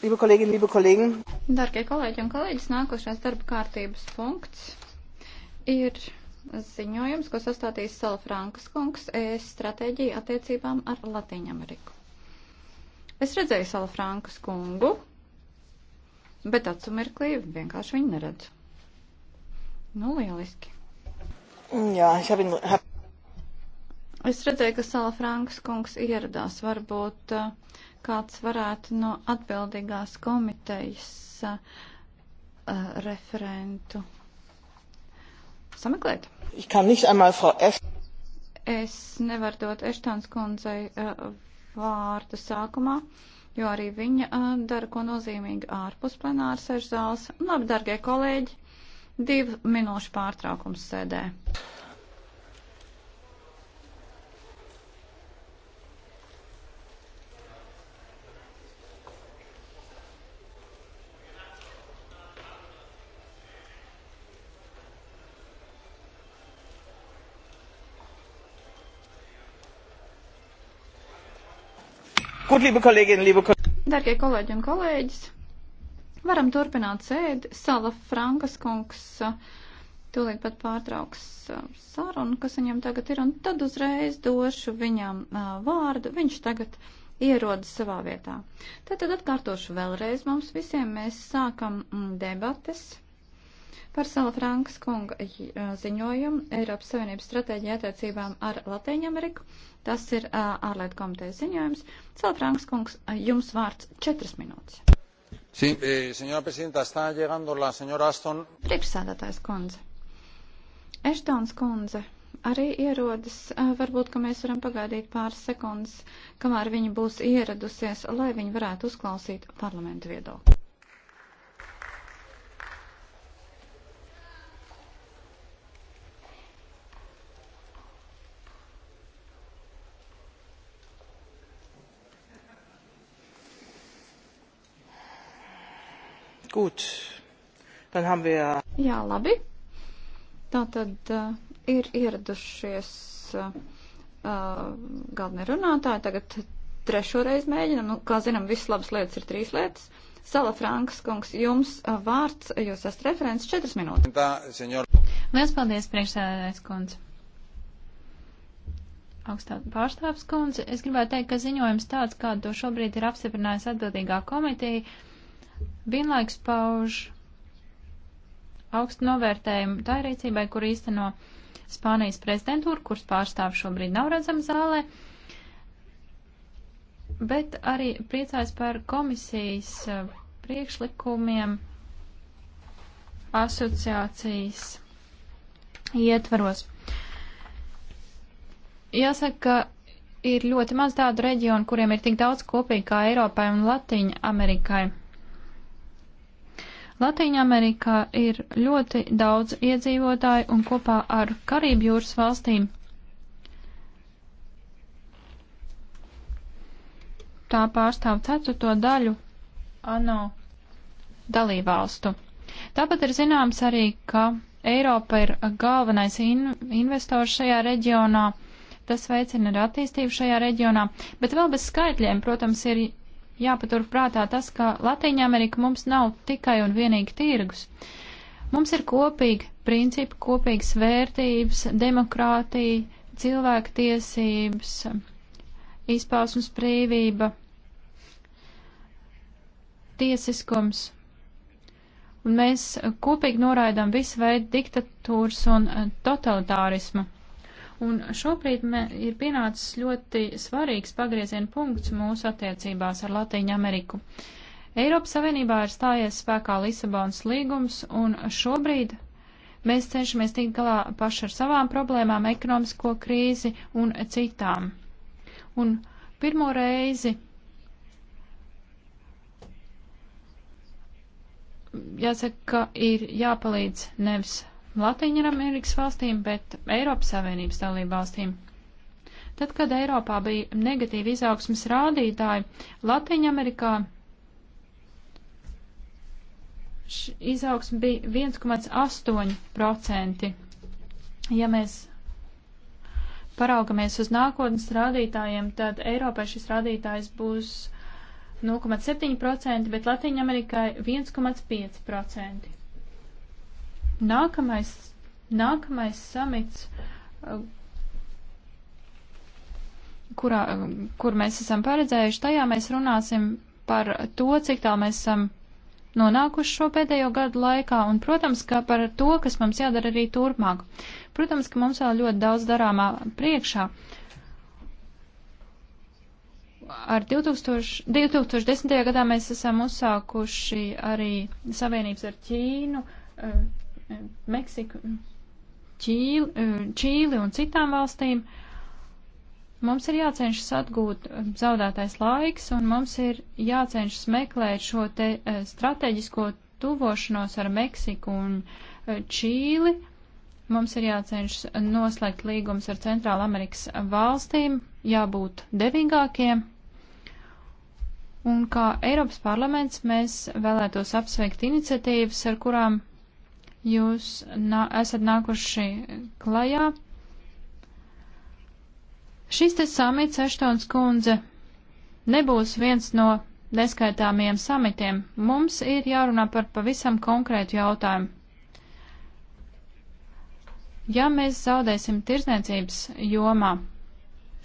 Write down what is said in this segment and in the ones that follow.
Liebe Kolleginnen, liebe Kollegen. Darbie kolēģi un kolēģis, nākošais darba kārtības punkts ir ziņojums, ko sastādīs Sala Frankas kungs, ES stratēģija attiecībām ar Latīņameriku. Es redzēju Sala Frankas kungu, bet acumirklī vienkārši viņu neredzu. Nu, lieliski. Jā, es jau viņu. Es redzēju, ka Sala Frankas kungs ieradās. Varbūt uh, kāds varētu no atbildīgās komitejas uh, uh referentu sameklēt. Es nevaru dot Eštāns kundzei uh, vārdu sākumā, jo arī viņa uh, dara ko nozīmīgi ārpus plenāra sešu zāles. Labi, dargie kolēģi, divu minūšu pārtraukums sēdē. Gut, liebe Kolleginnen, liebe Kollegen. Darbie kolēģi un kolēģis, varam turpināt sēdi. Sala Frankas kungs uh, tūlīt pat pārtrauks uh, sarunu, kas viņam tagad ir, un tad uzreiz došu viņam uh, vārdu. Viņš tagad ierodas savā vietā. Tātad atkārtošu vēlreiz mums visiem. Mēs sākam mm, debates. Par Sala Frankas kunga ziņojumu Eiropas Savienības stratēģija attiecībām ar Latīņameriku. Tas ir ārlietu komitejas ziņojums. Sala Frankas kungs, jums vārds četras minūtes. Sí, eh, señora presidenta, está llegando la señora Aston. Priekšsēdētājs kundze. Eštons kundze arī ierodas. Varbūt, ka mēs varam pagaidīt pāris sekundes, kamēr viņa būs ieradusies, lai viņa varētu uzklausīt parlamentu viedokli. Gut. Tad haben wir. Jā, labi. Tā tad uh, ir ieradušies uh, uh, galvenie runātāji. Tagad trešo reizi mēģinam. Nu, kā zinām, visas labas lietas ir trīs lietas. Sala Frankas kungs, jums uh, vārds, jūs esat referents četras minūtes. Lielas paldies, priekšsēdētājs kundze augstā pārstāvs kundze, es gribētu teikt, ka ziņojums tāds, kādu to šobrīd ir apstiprinājusi atbildīgā komiteja, vienlaiks pauž augstu novērtējumu tā rīcībai, kur īsteno Spānijas prezidentūra, kuras pārstāv šobrīd nav redzama zālē, bet arī priecājas par komisijas eh, priekšlikumiem asociācijas ietvaros. Jāsaka, ka ir ļoti maz tādu reģionu, kuriem ir tik daudz kopīgi kā Eiropai un Latīņa Amerikai. Latīņa Amerikā ir ļoti daudz iedzīvotāju un kopā ar Karību jūras valstīm tā pārstāv ceturto daļu ANO dalībvalstu. Tāpat ir zināms arī, ka Eiropa ir galvenais in investors šajā reģionā, tas veicina arī attīstību šajā reģionā, bet vēl bez skaitļiem, protams, ir jāpatur prātā tas, ka Latīņa Amerika mums nav tikai un vienīgi tirgus. Mums ir kopīgi principi, kopīgas vērtības, demokrātija, cilvēktiesības, izpausmas brīvība, tiesiskums. Un mēs kopīgi noraidām visu veidu diktatūras un eh, totalitārismu. Un šobrīd ir pienācis ļoti svarīgs pagrieziena punkts mūsu attiecībās ar Latīņu Ameriku. Eiropas Savienībā ir stājies spēkā Lisabonas līgums, un šobrīd mēs cenšamies tikt galā paši ar savām problēmām, ekonomisko krīzi un citām. Un pirmo reizi jāsaka, ka ir jāpalīdz nevis Latīņamerikas valstīm, bet Eiropas Savienības dalību valstīm. Tad, kad Eiropā bija negatīvi izaugsmas rādītāji, Latīņamerikā izaugsme bija 1,8%. Ja mēs paraugamies uz nākotnes rādītājiem, tad Eiropai šis rādītājs būs 0,7%, bet Latīņamerikai 1,5%. Nākamais, nākamais samits, uh, kurā, uh, kur mēs esam paredzējuši, tajā mēs runāsim par to, cik tā mēs esam nonākuši šo pēdējo gadu laikā, un, protams, ka par to, kas mums jādara arī turpmāk. Protams, ka mums vēl ļoti daudz darāmā priekšā. Ar 2000, 2010. gadā mēs esam uzsākuši arī savienības ar Ķīnu uh, Meksiku, Čīli, eh, Čīli un citām valstīm, mums ir jācenšas atgūt zaudētais laiks un mums ir jācenšas meklēt šo te eh, strateģisko tuvošanos ar Meksiku un eh, Čīli. Mums ir jācenšas noslēgt līgums ar Centrāla Amerikas valstīm, jābūt devīgākiem. Un kā Eiropas parlaments mēs vēlētos apsveikt iniciatīvas, ar kurām jūs nā, esat nākuši klajā. Šis te samits, Eštons kundze, nebūs viens no neskaitāmiem samitiem. Mums ir jārunā par pavisam konkrētu jautājumu. Ja mēs zaudēsim tirzniecības jomā,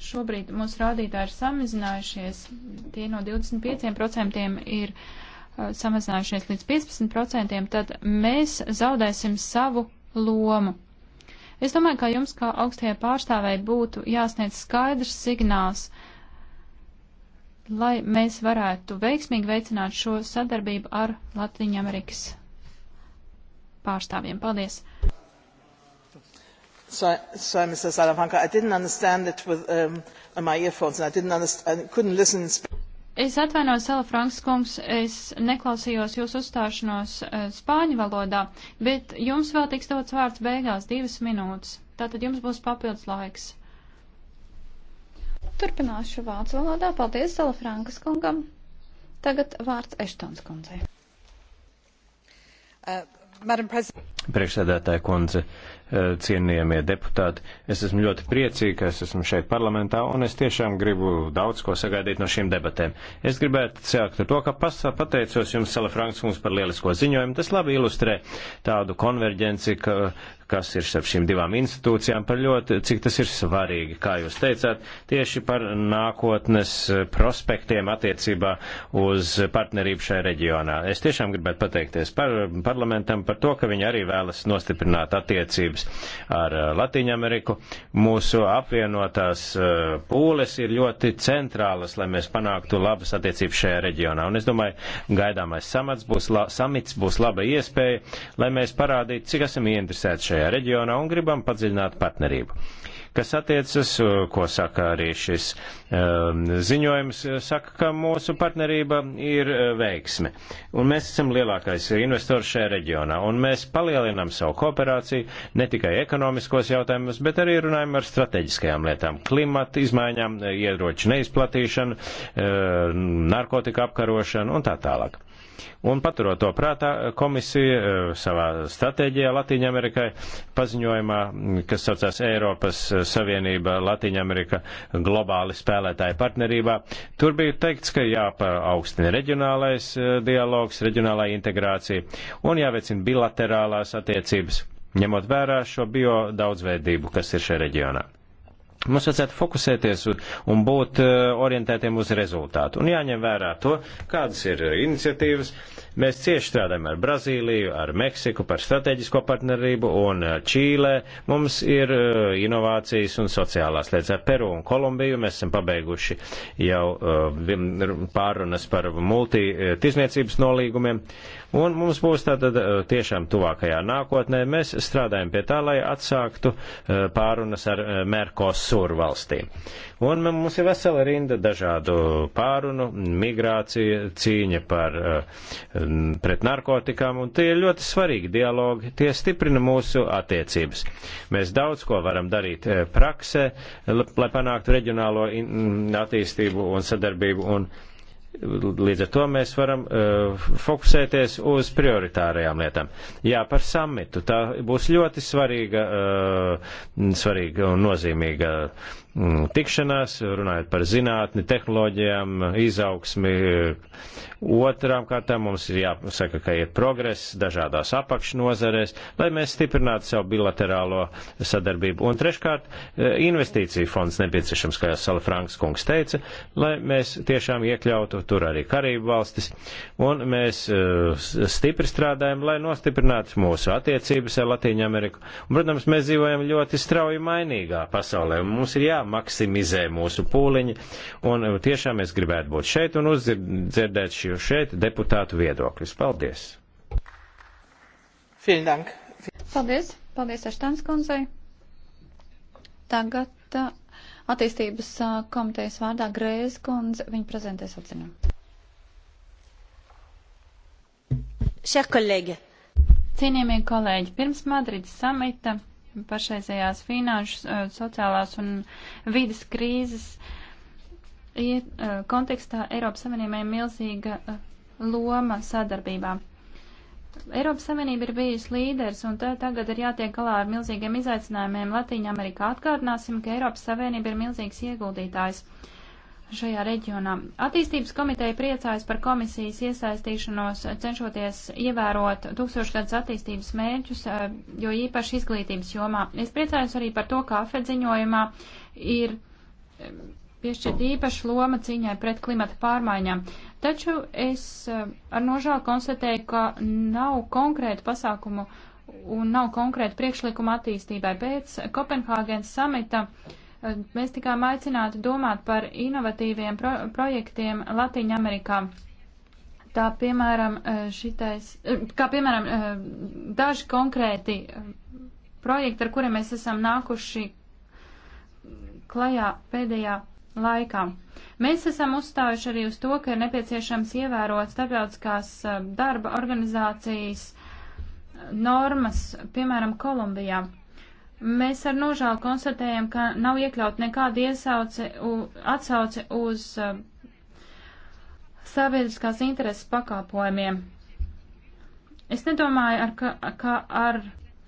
šobrīd mūsu rādītāji ir samazinājušies, tie no 25% ir Eh, samazinājušies līdz 15%, tad mēs zaudēsim savu lomu. Es domāju, ka jums kā augstajai pārstāvēji būtu jāsniedz skaidrs signāls, lai mēs varētu veiksmīgi veicināt šo sadarbību ar Latviju Amerikas pārstāvjiem. Paldies! Sorry, sorry, Mr. Salafranca, I didn't understand it with um, my earphones, and I didn't understand, I couldn't listen. In Es atvainojos, Sela Franks kungs, es neklausījos jūs uzstāšanos uh, spāņu valodā, bet jums vēl tiks dots vārds beigās divas minūtes. Tātad jums būs papildus laiks. Turpināšu vācu valodā. Paldies Sela Frankas kungam. Tagad vārds Eštons kundzei. Uh, Priekšsēdētāja kundze, eh, cienījamie deputāti, es esmu ļoti priecīgi, ka es esmu šeit parlamentā un es tiešām gribu daudz ko sagaidīt no šīm debatēm. Es gribētu sākt ar to, ka pasā, pateicos jums, Sala Franks, mums par lielisko ziņojumu. Tas labi ilustrē tādu konverģenci, ka, kas ir starp šīm divām institūcijām, par ļoti, cik tas ir svarīgi, kā jūs teicāt, tieši par nākotnes prospektiem attiecībā uz partnerību šajā reģionā. Es tiešām gribētu pateikties par parlamentam par to, ka viņi arī vēlas nostiprināt attiecības ar uh, Latīņu Ameriku. Mūsu apvienotās uh, pūles ir ļoti centrālas, lai mēs panāktu labas attiecības šajā reģionā. Un es domāju, gaidāmais samats būs, la, samits būs laba iespēja, lai mēs parādītu, cik esam ieinteresēti šajā šajā reģionā un gribam padziļināt partnerību. Kas attiecas, uh, ko saka arī šis um, ziņojums, uh, saka, ka mūsu partnerība ir uh, veiksme. Un mēs esam lielākais investors šajā reģionā. Un mēs palielinām savu kooperāciju ne tikai ekonomiskos jautājumus, bet arī runājam ar strateģiskajām lietām - klimata izmaiņām, ieroču neizplatīšanu, narkotika apkarošanu un tā tālāk. Un paturot to prātā, komisija eh, savā stratēģijā Latīņamerikai paziņojumā, kas saucās Eiropas Savienība Latīņamerika globāli spēlētāja partnerībā, tur bija teikts, ka jāpaaugstina reģionālais eh, dialogs, reģionālā integrācija un jāveicina bilaterālās attiecības ņemot vērā šo bio daudzveidību, kas ir šajā reģionā. Mums vajadzētu fokusēties un būt eh, orientētiem uz rezultātu. Un jāņem vērā to, kādas ir eh, iniciatīvas. Mēs cieši strādājam ar Brazīliju, ar Meksiku par strateģisko partnerību un eh, Čīlē. Mums ir inovācijas un sociālās lietas ar Peru un Kolumbiju. Mēs esam pabeiguši jau pārunas par multitisniecības nolīgumiem. Un mums būs tātad eh, tiešām tuvākajā nākotnē. Mēs strādājam pie tā, lai atsāktu eh, pārunas ar eh, Merkosur valstīm. Un mums ir vesela rinda dažādu pārunu, migrācija, cīņa par, pret narkotikām, un tie ir ļoti svarīgi dialogi. Tie stiprina mūsu attiecības. Mēs daudz ko varam darīt praksē, lai panāktu reģionālo attīstību un sadarbību. Un Līdz ar to mēs varam uh, fokusēties uz prioritārajām lietām. Jā, par samitu. Tā būs ļoti svarīga, uh, svarīga un nozīmīga uh, Mm, tikšanās, runājot par zinātni, tehnoloģijām, izaugsmi. Otrām kārtām mums ir jāsaka, ka ir progress dažādās apakšnozarēs, lai mēs stiprinātu savu bilaterālo sadarbību. Un treškārt, e, investīcija fonds nepieciešams, kā jau Sala Franks kungs teica, lai mēs tiešām iekļautu tur arī Karību valstis. Un mēs e, stipri strādājam, lai nostiprinātu mūsu attiecības ar Latīņu Ameriku. Un, protams, mēs dzīvojam ļoti strauji mainīgā pasaulē. Mums ir jā jāmaksimizē mūsu pūliņi, un eh, tiešām es gribētu būt šeit un uzdzirdēt šo šeit deputātu viedokļus. Paldies! Paldies! Paldies Aštāns kundzei! Tagad eh, attīstības eh, komitejas vārdā Grēz kundze, viņa prezentēs atzinumu. Chers collègues, Cienījamie kolēģi, pirms Madrides samita pašreizējās finanšu, eh, sociālās un vidas krīzes iet, eh, kontekstā Eiropas Savienībai milzīga eh, loma sadarbībā. Eiropas Savienība ir bijusi līderis, un tagad ir jātiek galā ar milzīgiem izaicinājumiem. Latīņa Amerikā atgādināsim, ka Eiropas Savienība ir milzīgs ieguldītājs. Uh, šajā reģionā. Attīstības komiteja priecājas par komisijas iesaistīšanos, cenšoties ievērot tūkstošgadus attīstības mērķus, eh, jo īpaši izglītības jomā. Es priecājos arī par to, ka afedziņojumā ir eh, piešķirt īpašu loma cīņai pret klimata pārmaiņām. Taču es eh, ar nožēlu konstatēju, ka nav konkrētu pasākumu un nav konkrētu priekšlikumu attīstībai pēc Kopenhāgenes samita. Uh, Mēs tikām aicināti domāt par inovatīviem pro projektiem Latīņa Amerikā. Tā piemēram, eh, šitais, eh, kā piemēram, eh, daži konkrēti projekti, ar kuriem mēs esam nākuši klajā pēdējā laikā. Mēs esam uzstājuši arī uz to, ka ir nepieciešams ievērot starptautiskās darba organizācijas normas, piemēram, Kolumbijā. Mēs ar nožēlu konstatējam, ka nav iekļaut nekāda iesauce, u, atsauce uz uh, sabiedriskās intereses pakāpojumiem. Es nedomāju, ar, ka, ka ar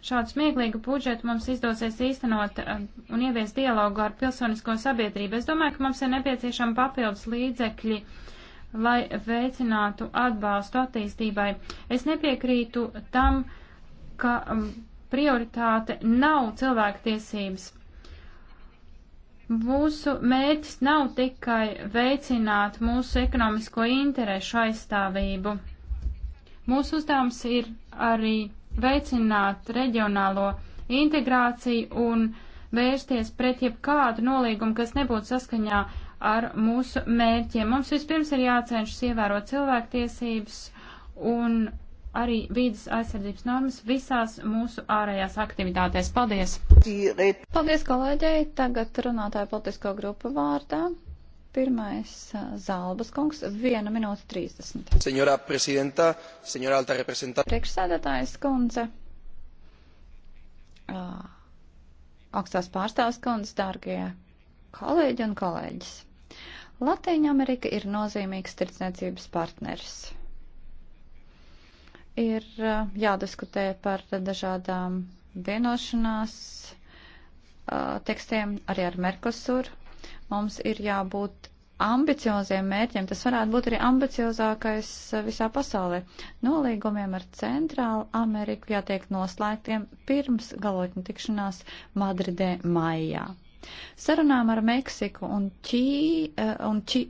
šādu smieklīgu budžetu mums izdosies īstenot uh, un ieviest dialogu ar pilsonisko sabiedrību. Es domāju, ka mums ir nepieciešama papildus līdzekļi lai veicinātu atbalstu attīstībai. Es nepiekrītu tam, ka um, prioritāte nav cilvēktiesības. Mūsu mērķis nav tikai veicināt mūsu ekonomisko interešu aizstāvību. Mūsu uzdevums ir arī veicināt reģionālo integrāciju un vērsties pret jebkādu nolīgumu, kas nebūtu saskaņā ar mūsu mērķiem. Mums vispirms ir jācenšas ievērot cilvēktiesības un arī vīdas aizsardzības normas visās mūsu ārējās aktivitātēs. Paldies! Paldies, kolēģei! Tagad runātāja politisko grupu vārdā. Pirmais Zalbas kungs, 1 minūte 30. Senjorā prezidenta, senjorā alta reprezentanta. Priekšsēdētājs kundze, uh, augstās pārstāvs kundze, dārgie kolēģi un kolēģis. Latīņa Amerika ir nozīmīgs tirdzniecības partners ir jādiskutē par dažādām vienošanās tekstiem, arī ar Merkosur. Mums ir jābūt ambicioziem mērķiem, tas varētu būt arī ambiciozākais visā pasaulē. Nolīgumiem ar Centrālu Ameriku jātiek noslēgtiem pirms galotņu tikšanās Madridē maijā. Sarunām ar Meksiku un, ķī, un ķī,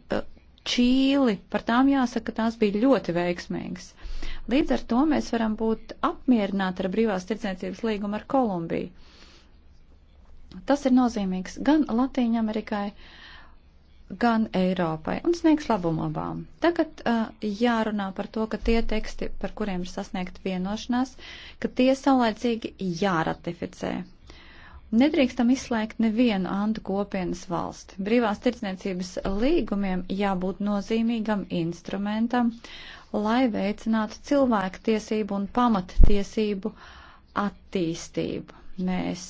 Čīli, par tām jāsaka, ka tās bija ļoti veiksmīgas. Līdz ar to mēs varam būt apmierināti ar brīvās tirdzniecības līgumu ar Kolumbiju. Tas ir nozīmīgs gan Latīņa Amerikai, gan Eiropai un sniegs labumu abām. Tagad uh, jārunā par to, ka tie teksti, par kuriem ir sasniegta vienošanās, ka tie saulēcīgi jāratificē. Nedrīkstam izslēgt nevienu antu kopienas valsti. Brīvās tirdzniecības līgumiem jābūt nozīmīgam instrumentam, lai veicinātu cilvēku tiesību un pamattiesību attīstību. Mēs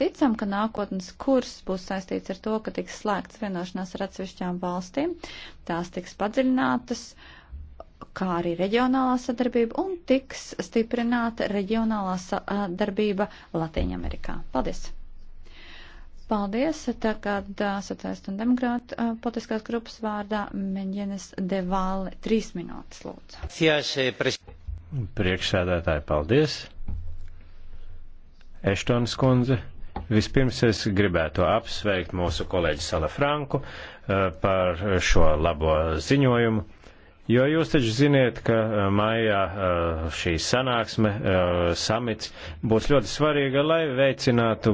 ticam, ka nākotnes kurs būs saistīts ar to, ka tiks slēgts vienošanās ar atsevišķām valstīm, tās tiks padziļinātas kā arī reģionālā sadarbība un tiks stiprināta reģionālā sadarbība Latīņamerikā. Paldies! Paldies. Tagad sociālistu un demokrātu uh, politiskās grupas vārdā Meņģenes Devāle. Trīs minūtes, lūdzu. Eh, Priekšsēdētāji, paldies. Eštons kundze. Vispirms es gribētu apsveikt mūsu kolēģi Sala Franku uh, par šo labo ziņojumu Jo jūs taču ziniet, ka eh, maijā eh, šī sanāksme, eh, samits būs ļoti svarīga, lai veicinātu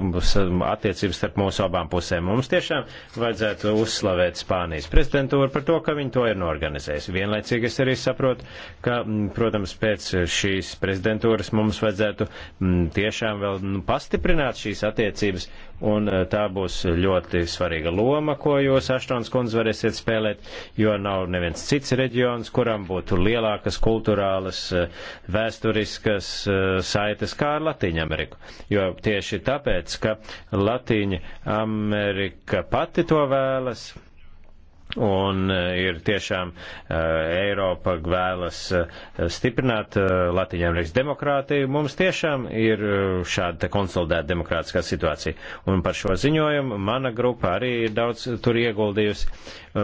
attiecības starp mūsu abām pusēm. Mums tiešām vajadzētu uzslavēt Spānijas prezidentūru par to, ka viņi to ir norganizējusi. Vienlaicīgi es arī saprotu, ka, mm, protams, pēc šīs prezidentūras mums vajadzētu mm, tiešām vēl mm, pastiprināt šīs attiecības, un tā būs ļoti svarīga loma, ko jūs, Aštons kundze, varēsiet spēlēt, jo nav neviens cits reģions reģions, kuram būtu lielākas kulturālas, eh, vēsturiskas eh, saites kā ar Latīņu Ameriku. Jo tieši tāpēc, ka Latīņa Amerika pati to vēlas, Un e, ir tiešām e, Eiropa vēlas e, stiprināt Latvijas demokrātiju. Mums tiešām ir šāda konsolidēta demokrātiskā situācija. Un par šo ziņojumu mana grupa arī ir daudz tur ieguldījusi.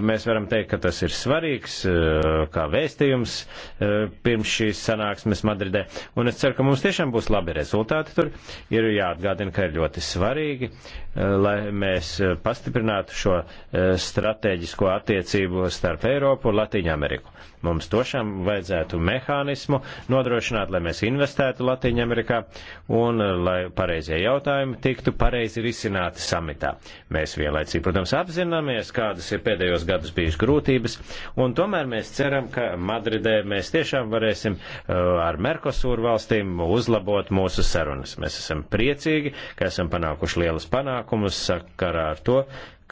Mēs varam teikt, ka tas ir svarīgs kā vēstījums pirms šīs sanāksmes Madridē. Un es ceru, ka mums tiešām būs labi rezultāti tur. Ir jāatgādina, ka ir ļoti svarīgi, lai mēs pastiprinātu šo strateģisko attiecību starp Eiropu un Latīņu Ameriku. Mums tošām vajadzētu mehānismu nodrošināt, lai mēs investētu Latīņu Amerikā un eh, lai pareizie jautājumi tiktu pareizi risināti samitā. Mēs vienlaicīgi, protams, apzināmies, kādas ir pēdējos gadus bijušas grūtības, un tomēr mēs ceram, ka Madridē mēs tiešām varēsim eh, ar Merkosūru valstīm uzlabot mūsu sarunas. Mēs esam priecīgi, ka esam panākuši lielas panākumus sakarā ar to,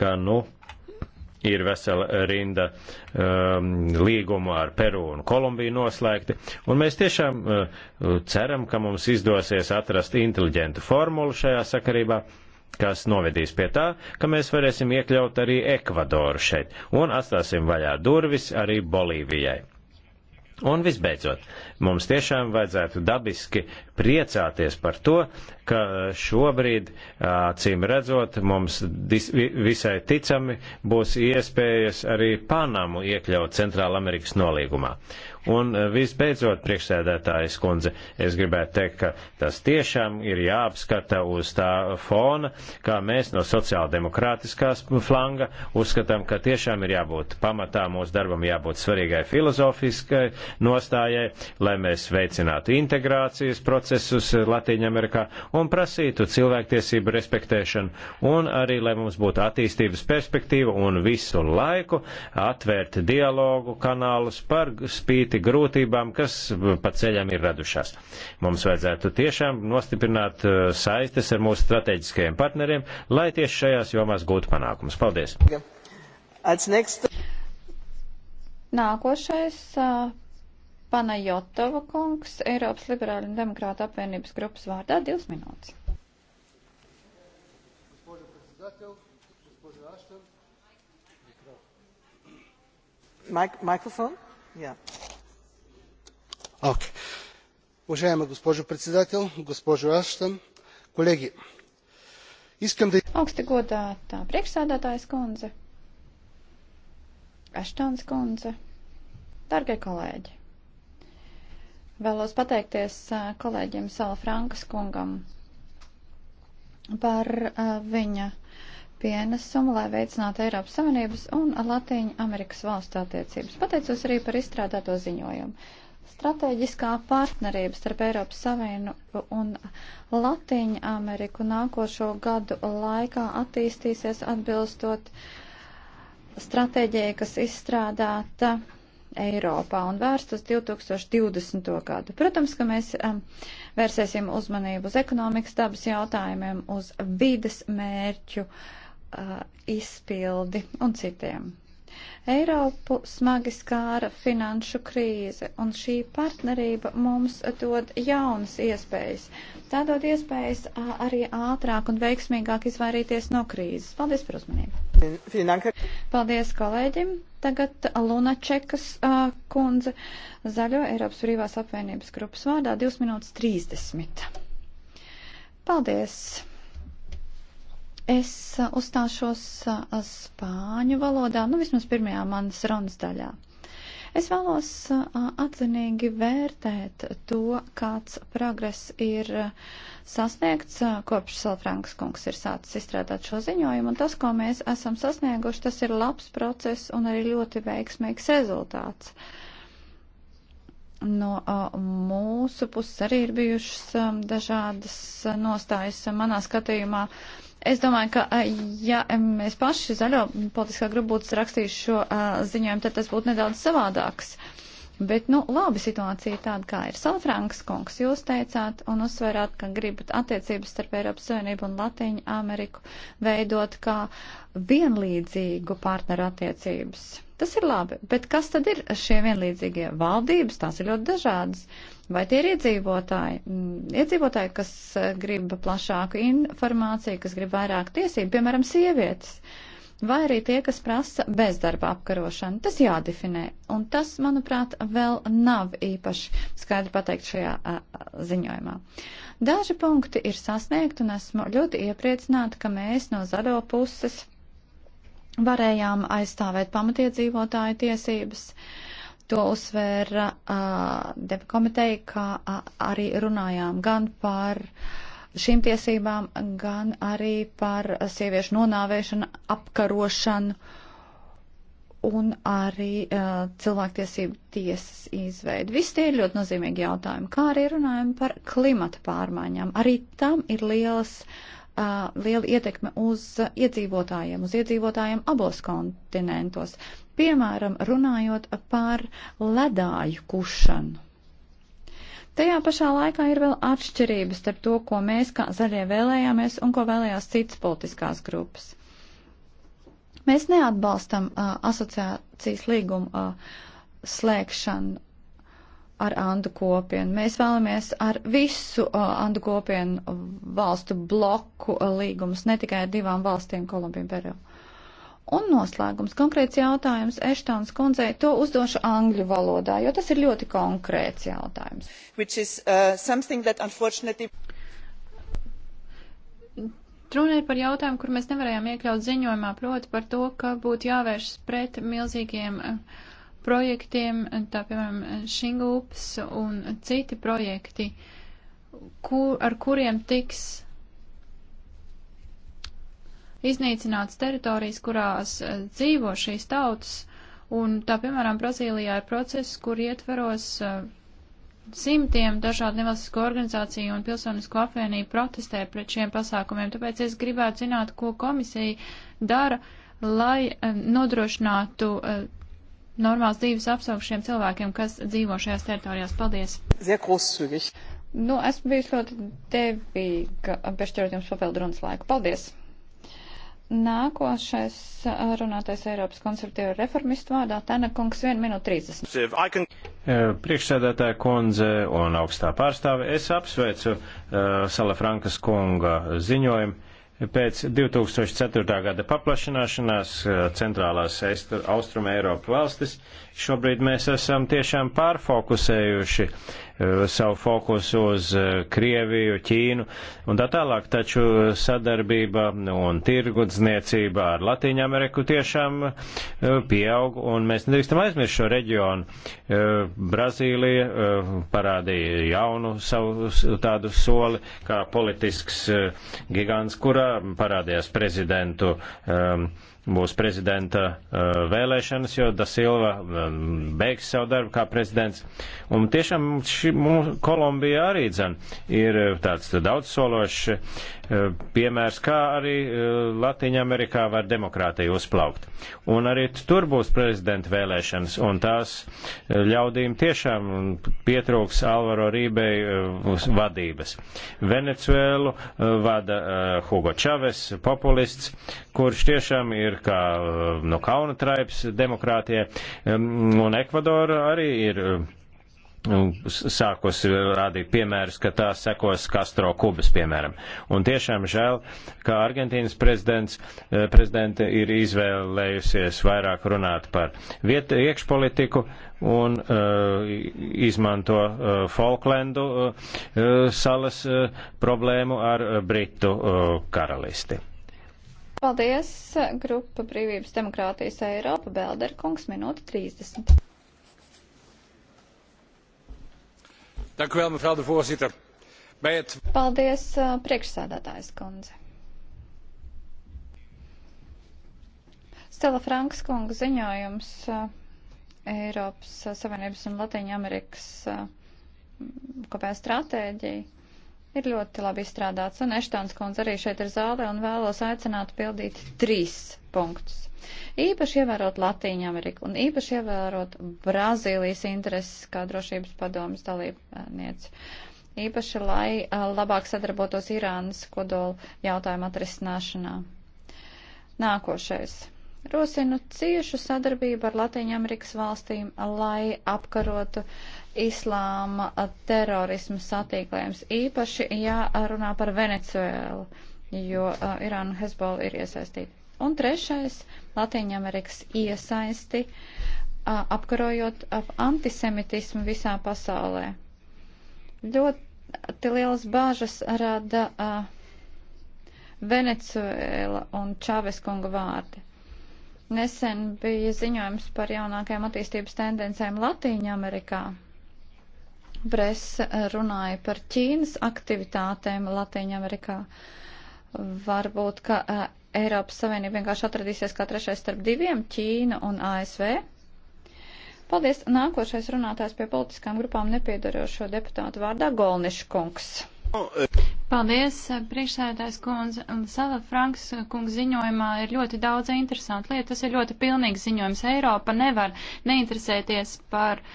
ka, nu, ir vesela rinda um, līgumu ar Peru un Kolumbiju noslēgti, un mēs tiešām uh, ceram, ka mums izdosies atrast inteliģentu formulu šajā sakarībā kas novedīs pie tā, ka mēs varēsim iekļaut arī Ekvadoru šeit un atstāsim vaļā durvis arī Bolīvijai. Un visbeidzot, mums tiešām vajadzētu dabiski priecāties par to, ka šobrīd, acīm redzot, mums dis, visai ticami būs iespējas arī Panamu iekļaut Centrāla Amerikas nolīgumā. Un eh, visbeidzot, priekšsēdētājas kundze, es gribētu teikt, ka tas tiešām ir jāapskata uz tā fona, kā mēs no sociāldemokrātiskās flanga uzskatām, ka tiešām ir jābūt pamatā mūsu darbam, jābūt svarīgai filozofiskai nostājai, lai mēs veicinātu integrācijas procesus Latīņamerikā un prasītu cilvēktiesību respektēšanu un arī, lai mums būtu attīstības perspektīva un visu laiku atvērt dialogu kanālus par spīti citi grūtībām, kas pa ceļam ir radušās. Mums vajadzētu tiešām nostiprināt uh, saistes ar mūsu strateģiskajiem partneriem, lai tieši šajās jomās gūtu panākumus. Paldies! Nākošais uh, Pana Jotova kungs, Eiropas Liberāļu un Demokrāta apvienības grupas vārdā, divas minūtes. Mikrofons? Jā. Yeah уважаема госпожо председател госпожо аштън колеги! augsti godātā priekšsēdētājas kundze aštons kundze dargie kolēģi vēlos pateikties kolēģiem salafrankas kungam par viņa pienesumu, lai veicinātu Eiropas Savienības un Latīņu Amerikas valstu attiecības. Pateicos arī par izstrādāto ziņojumu. Stratēģiskā partnerība starp Eiropas Savienību un Latīņu Ameriku nākošo gadu laikā attīstīsies atbilstot stratēģijai, kas izstrādāta Eiropā un vērst uz 2020. gadu. Protams, ka mēs um, vērsēsim uzmanību uz ekonomikas dabas jautājumiem, uz vides mērķu uh, izpildi un citiem. Eiropu smagi skāra finanšu krīze, un šī partnerība mums dod jaunas iespējas. Tā dod iespējas arī ātrāk un veiksmīgāk izvairīties no krīzes. Paldies par uzmanību. Finanka. Paldies kolēģim. Tagad Luna Čekas uh, kundze zaļo Eiropas brīvās apvienības grupas vārdā 2 minūtes 30. Paldies! Es uzstāšos spāņu valodā, nu vismaz pirmajā manas runas daļā. Es vēlos atzinīgi vērtēt to, kāds progress ir sasniegts, kopš Salfrankas kungs ir sācis izstrādāt šo ziņojumu, un tas, ko mēs esam sasnieguši, tas ir labs process un arī ļoti veiksmīgs rezultāts. No mūsu puses arī ir bijušas dažādas nostājas manā skatījumā Es domāju, ka ja mēs paši zaļo politiskā grupa būtu rakstījuši šo ziņojumu, tad tas būtu nedaudz savādāks. Bet, nu, labi situācija tāda, kā ir. Salafrankas kungs, jūs teicāt un uzsvērāt, ka gribat attiecības starp Eiropas Savienību un Latīņu Ameriku veidot kā vienlīdzīgu partneru attiecības. Tas ir labi, bet kas tad ir šie vienlīdzīgie valdības? Tās ir ļoti dažādas. Uh, Vai tie ir iedzīvotāji? Mm, iedzīvotāji, kas eh, grib plašāku informāciju, kas grib vairāk tiesību, piemēram, sievietes. Vai arī tie, kas prasa bezdarba apkarošanu. Tas jādefinē. Un tas, manuprāt, vēl nav īpaši skaidri pateikt šajā a, eh, ziņojumā. Daži punkti ir sasniegti, un esmu ļoti iepriecināta, ka mēs no zaļo puses varējām aizstāvēt pamatiedzīvotāju tiesības. Uh, To uzsvēra uh, deba komiteja, kā uh, arī runājām gan par šīm tiesībām, gan arī par sieviešu nonāvēšanu, apkarošanu un arī uh, cilvēktiesību tiesas izveidu. Visi tie ir ļoti nozīmīgi jautājumi, kā arī runājam par klimata pārmaiņām. Arī tam ir lielas uh, uh, liela ietekme uz uh, iedzīvotājiem, uz iedzīvotājiem abos kontinentos. Piemēram, runājot par ledāju kušanu. Tajā pašā laikā ir vēl atšķirības starp to, ko mēs kā zaļie vēlējāmies un ko vēlējās citas politiskās grupas. Mēs neatbalstam uh, asociācijas līgumu uh, slēgšanu ar Andu kopienu. Mēs vēlamies ar visu uh, Andu kopienu uh, valstu bloku uh, līgumus, ne tikai ar divām valstīm - Kolumbiju un Peru. Un noslēgums konkrēts jautājums Eštāns kundzei, to uzdošu angļu valodā, jo tas ir ļoti konkrēts jautājums. Is, uh, unfortunately... Runa ir par jautājumu, kur mēs nevarējām iekļaut ziņojumā, proti par to, ka būtu jāvēršas pret milzīgiem uh, projektiem, tā piemēram Šinga upes un citi projekti, kur, ar kuriem tiks iznīcināts teritorijas, kurās eh, dzīvo šīs tautas, un tā piemēram Brazīlijā ir process, kur ietveros eh, simtiem dažādu nevalstisko organizāciju un pilsonisko apvienību protestē pret šiem pasākumiem. Tāpēc es gribētu zināt, ko komisija dara, lai eh, nodrošinātu normāls dzīves apsaugs šiem cilvēkiem, kas dzīvo šajās teritorijās. Paldies! Nu, esmu bijusi ļoti devīga, piešķirot jums papildu runas laiku. Paldies! Nākošais uh, runātais Eiropas konservatīva reformistu vārdā Tana kungs 1 minūte 30. Uh, priekšsēdētāja kundze un augstā pārstāve, es apsveicu uh, Salafrankas kunga ziņojumu Pēc 2004. gada paplašināšanās eh, centrālās Austruma Eiropa valstis šobrīd mēs esam tiešām pārfokusējuši Eh, savu fokusu uz eh, Krieviju, Ķīnu un tā tālāk, taču sadarbība un tirgudzniecība ar Latīņu Ameriku tiešām eh, pieaug un mēs nedrīkstam aizmirst šo reģionu. Brazīlija parādīja jaunu savu tādu soli kā politisks gigants, kurā parādījās prezidentu um, būs prezidenta uh, vēlēšanas, jo Da Silva um, beigs savu darbu kā prezidents. Un tiešām šī mums Kolumbija arī dzen ir uh, tāds daudz sološs Eh, piemērs, kā arī eh, Latīņa Amerikā var demokrātija uzplaukt. Un arī tur būs prezidenta vēlēšanas, un tās eh, ļaudīm tiešām pietrūks Alvaro Rībei vadības. Venecuēlu vada Hugo Čaves, populists, kurš tiešām ir kā no nu, kauna traips demokrātijai, un Ekvadora arī ir Nu, sākusi rādīt piemērus, ka tā sekos Castro Kubas piemēram. Un tiešām žēl, ka Argentīnas prezidents, eh, prezidente ir izvēlējusies vairāk runāt par vietu iekšpolitiku un uh, izmanto uh, eh, Falklendu uh, salas uh, problēmu ar Britu uh, karalisti. Paldies, grupa Brīvības demokrātijas Eiropa, Belderkungs, minūte 30. Paldies, eh, priekšsādātājs kundze. Stela Franks kunga ziņojums eh, Eiropas Savienības un Latīņa Amerikas eh, kopējā stratēģija ir ļoti labi izstrādāts, un Eštāns kundze arī šeit ir zālē un vēlos aicināt pildīt trīs punktus. Īpaši ievērot Latīņu Ameriku un īpaši ievērot Brazīlijas intereses kā drošības padomas dalībnieci. Īpaši, lai labāk sadarbotos Irānas kodolu jautājumu atrisināšanā. Nākošais. Rosinu ciešu sadarbību ar Latīņu Amerikas valstīm, lai apkarotu uh, islāma terorismu satīklējums, īpaši jārunā par Venecuēlu, jo uh, Irāna un Hezbollah ir iesaistīti. Un trešais - Latīņamerikas iesaisti, uh, apkarojot ap antisemitismu visā pasaulē. Ļoti lielas bāžas rada uh, Venecuēla un Čāves kunga vārdi. Nesen bija ziņojums par jaunākajām attīstības tendencēm Latīņamerikā. Amerikā Presa runāja par Ķīnas aktivitātēm Latvijā-Amerikā. Varbūt, ka uh, Eiropas Savienība vienkārši atradīsies kā trešais starp diviem - Ķīna un ASV. Paldies! Nākošais runātājs pie politiskām grupām nepiedarošo deputātu vārdā Golniškungs. Paldies, priekšsēdētājs kundze. Sava Franks kungs ziņojumā ir ļoti daudz interesanti lietas. Tas ir ļoti pilnīgs ziņojums. Eiropa nevar neinteresēties par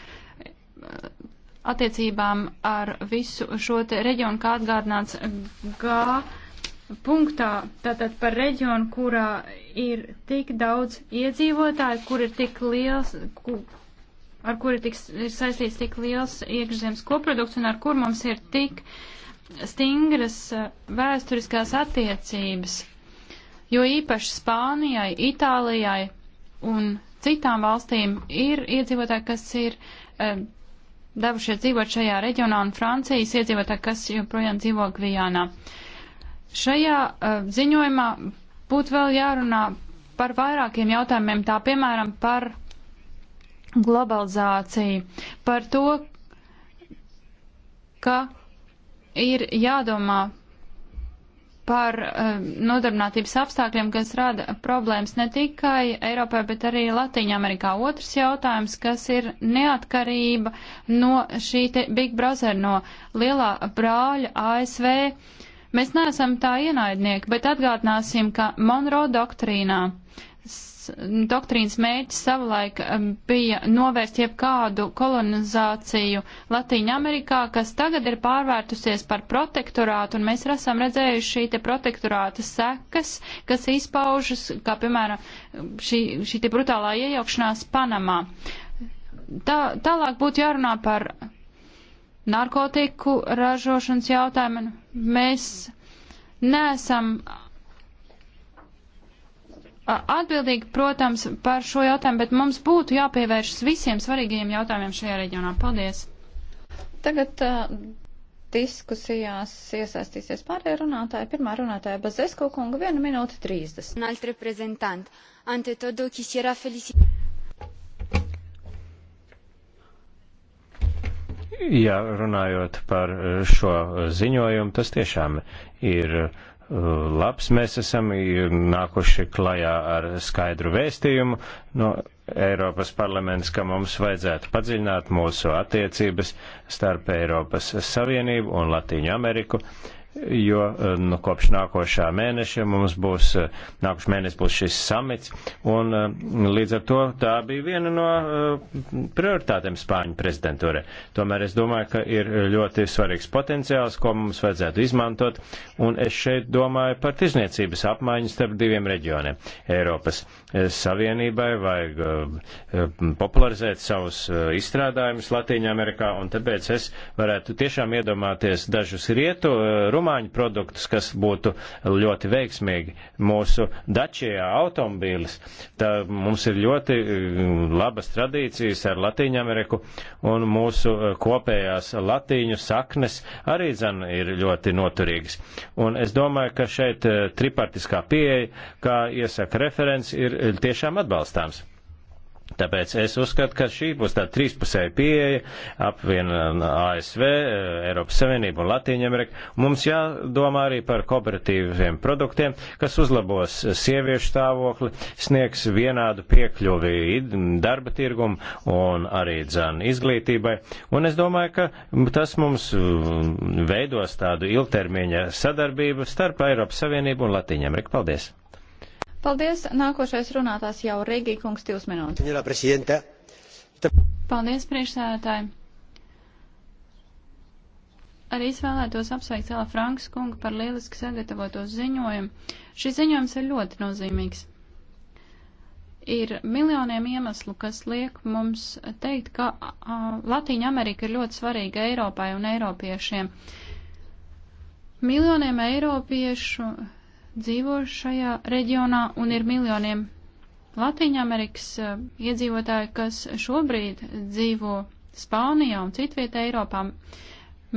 attiecībām ar visu šo te reģionu, kā atgādināts G punktā, tātad par reģionu, kurā ir tik daudz iedzīvotāju, kur ir tik liels, kur, ar kuri tiks, ir saistīts tik liels iekšzemes koprodukts un ar kur mums ir tik stingras eh, vēsturiskās attiecības. Jo īpaši Spānijai, Itālijai un citām valstīm ir iedzīvotāji, kas ir eh, devušies dzīvot šajā reģionā un Francijas iedzīvotāji, kas joprojām dzīvo Gvijānā. Šajā uh, ziņojumā būtu vēl jārunā par vairākiem jautājumiem, tā piemēram par globalizāciju, par to, ka ir jādomā par eh, nodarbinātības apstākļiem, kas rada problēmas ne tikai Eiropā, bet arī Latīņa Amerikā. Otrs jautājums, kas ir neatkarība no šī Big Brother, no lielā brāļa ASV. Mēs neesam tā ienaidnieki, bet atgādināsim, ka Monroe doktrīnā Nu, doktrīnas mērķis savulaik um, bija novērst jebkādu kolonizāciju Latīņa Amerikā, kas tagad ir pārvērtusies par protektorātu, un mēs esam redzējuši šī te protektorāta sekas, kas izpaužas, kā piemēram, šī, šī te brutālā iejaukšanās Panamā. Tā, tālāk būtu jārunā par narkotiku ražošanas jautājumu. Mēs neesam atbildīgi, protams, par šo jautājumu, bet mums būtu jāpievēršas visiem svarīgajiem jautājumiem šajā reģionā. Paldies! Tagad uh, diskusijās iesaistīsies pārējie runātāji. Pirmā runātāja Bazesko kunga 1 minūte 30. Nalt reprezentant. Ante todo, quisiera felicitar. Jā, runājot par uh, šo ziņojumu, tas tiešām ir labs mēs esam nākuši klajā ar skaidru vēstījumu no Eiropas parlaments, ka mums vajadzētu padziļināt mūsu attiecības starp Eiropas Savienību un Latīņu Ameriku, jo eh, nu, kopš nākošā mēneša mums būs, eh, nākošais mēnesis būs šis samits, un eh, līdz ar to tā bija viena no prioritātēm Spāņu prezidentūrē. Tomēr es domāju, ka ir ļoti svarīgs potenciāls, ko mums vajadzētu izmantot, un es šeit domāju par tirzniecības apmaiņu starp diviem reģioniem Eiropas. Savienībai vajag eh, eh, popularizēt savus eh, izstrādājumus Latīņā Amerikā, un tāpēc es varētu tiešām iedomāties dažus rietu rumāņu produktus, kas būtu ļoti veiksmīgi. Mūsu dačijā automobīlis, tā mums ir ļoti labas tradīcijas ar Latīņu Ameriku, un mūsu kopējās latīņu saknes arī zan ir ļoti noturīgas. Un es domāju, ka šeit tripartiskā pieeja, kā iesaka referents, ir ir tiešām atbalstāms. Tāpēc es uzskatu, ka šī būs tāda trīspusēja pieeja apviena ASV, Eiropas Savienību un Latīņamerika. Mums jādomā arī par kooperatīviem produktiem, kas uzlabos sieviešu stāvokli, sniegs vienādu piekļuvi darba tirgumu un arī dzan izglītībai. Un es domāju, ka tas mums veidos tādu ilgtermiņa sadarbību starp Eiropas Savienību un Latīņamerika. Paldies! Paldies. Nākošais runātājs jau Regī kungs divas minūtes. Paldies, priekšsēdētāji. Arī es vēlētos apsveikt Ela Franks kungu par lieliski sagatavoto ziņojumu. Šis ziņojums ir ļoti nozīmīgs. Ir miljoniem iemeslu, kas liek mums teikt, ka uh, Latīņa Amerika ir ļoti svarīga Eiropai un Eiropiešiem. Miljoniem Eiropiešu dzīvo šajā reģionā un ir miljoniem Latviju-Amerikas eh, iedzīvotāji, kas šobrīd dzīvo Spānijā un citvietē Eiropā.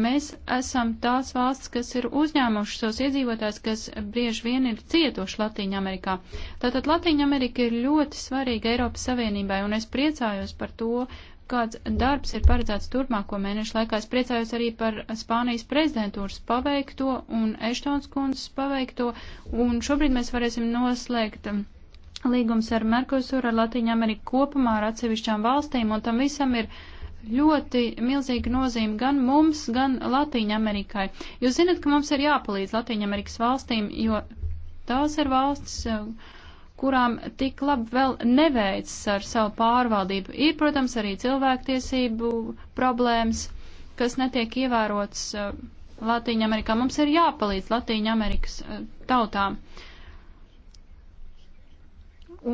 Mēs esam tās valsts, kas ir uzņēmuši savus iedzīvotājus, kas bieži vien ir cietuši Latīņa Amerikā. Tātad Latīņa Amerika ir ļoti svarīga Eiropas Savienībai, un es priecājos par to, kāds darbs ir paredzēts turpmāko mēnešu laikā. Es priecājos arī par Spānijas prezidentūras paveikto un Eštons kundzes paveikto, un šobrīd mēs varēsim noslēgt um, līgums ar Merkosuru, ar Latīņu Ameriku kopumā, ar atsevišķām valstīm, un tam visam ir ļoti milzīga nozīme gan mums, gan Latīņa Amerikai. Jūs zinat, ka mums ir jāpalīdz Latīņa Amerikas valstīm, jo tās ir valstis, uh, kurām tik labi vēl neveicas ar savu pārvaldību. Ir, protams, arī cilvēktiesību problēmas, kas netiek ievērotas uh, Latīņa Amerikā. Mums ir jāpalīdz Latīņa Amerikas uh, tautām.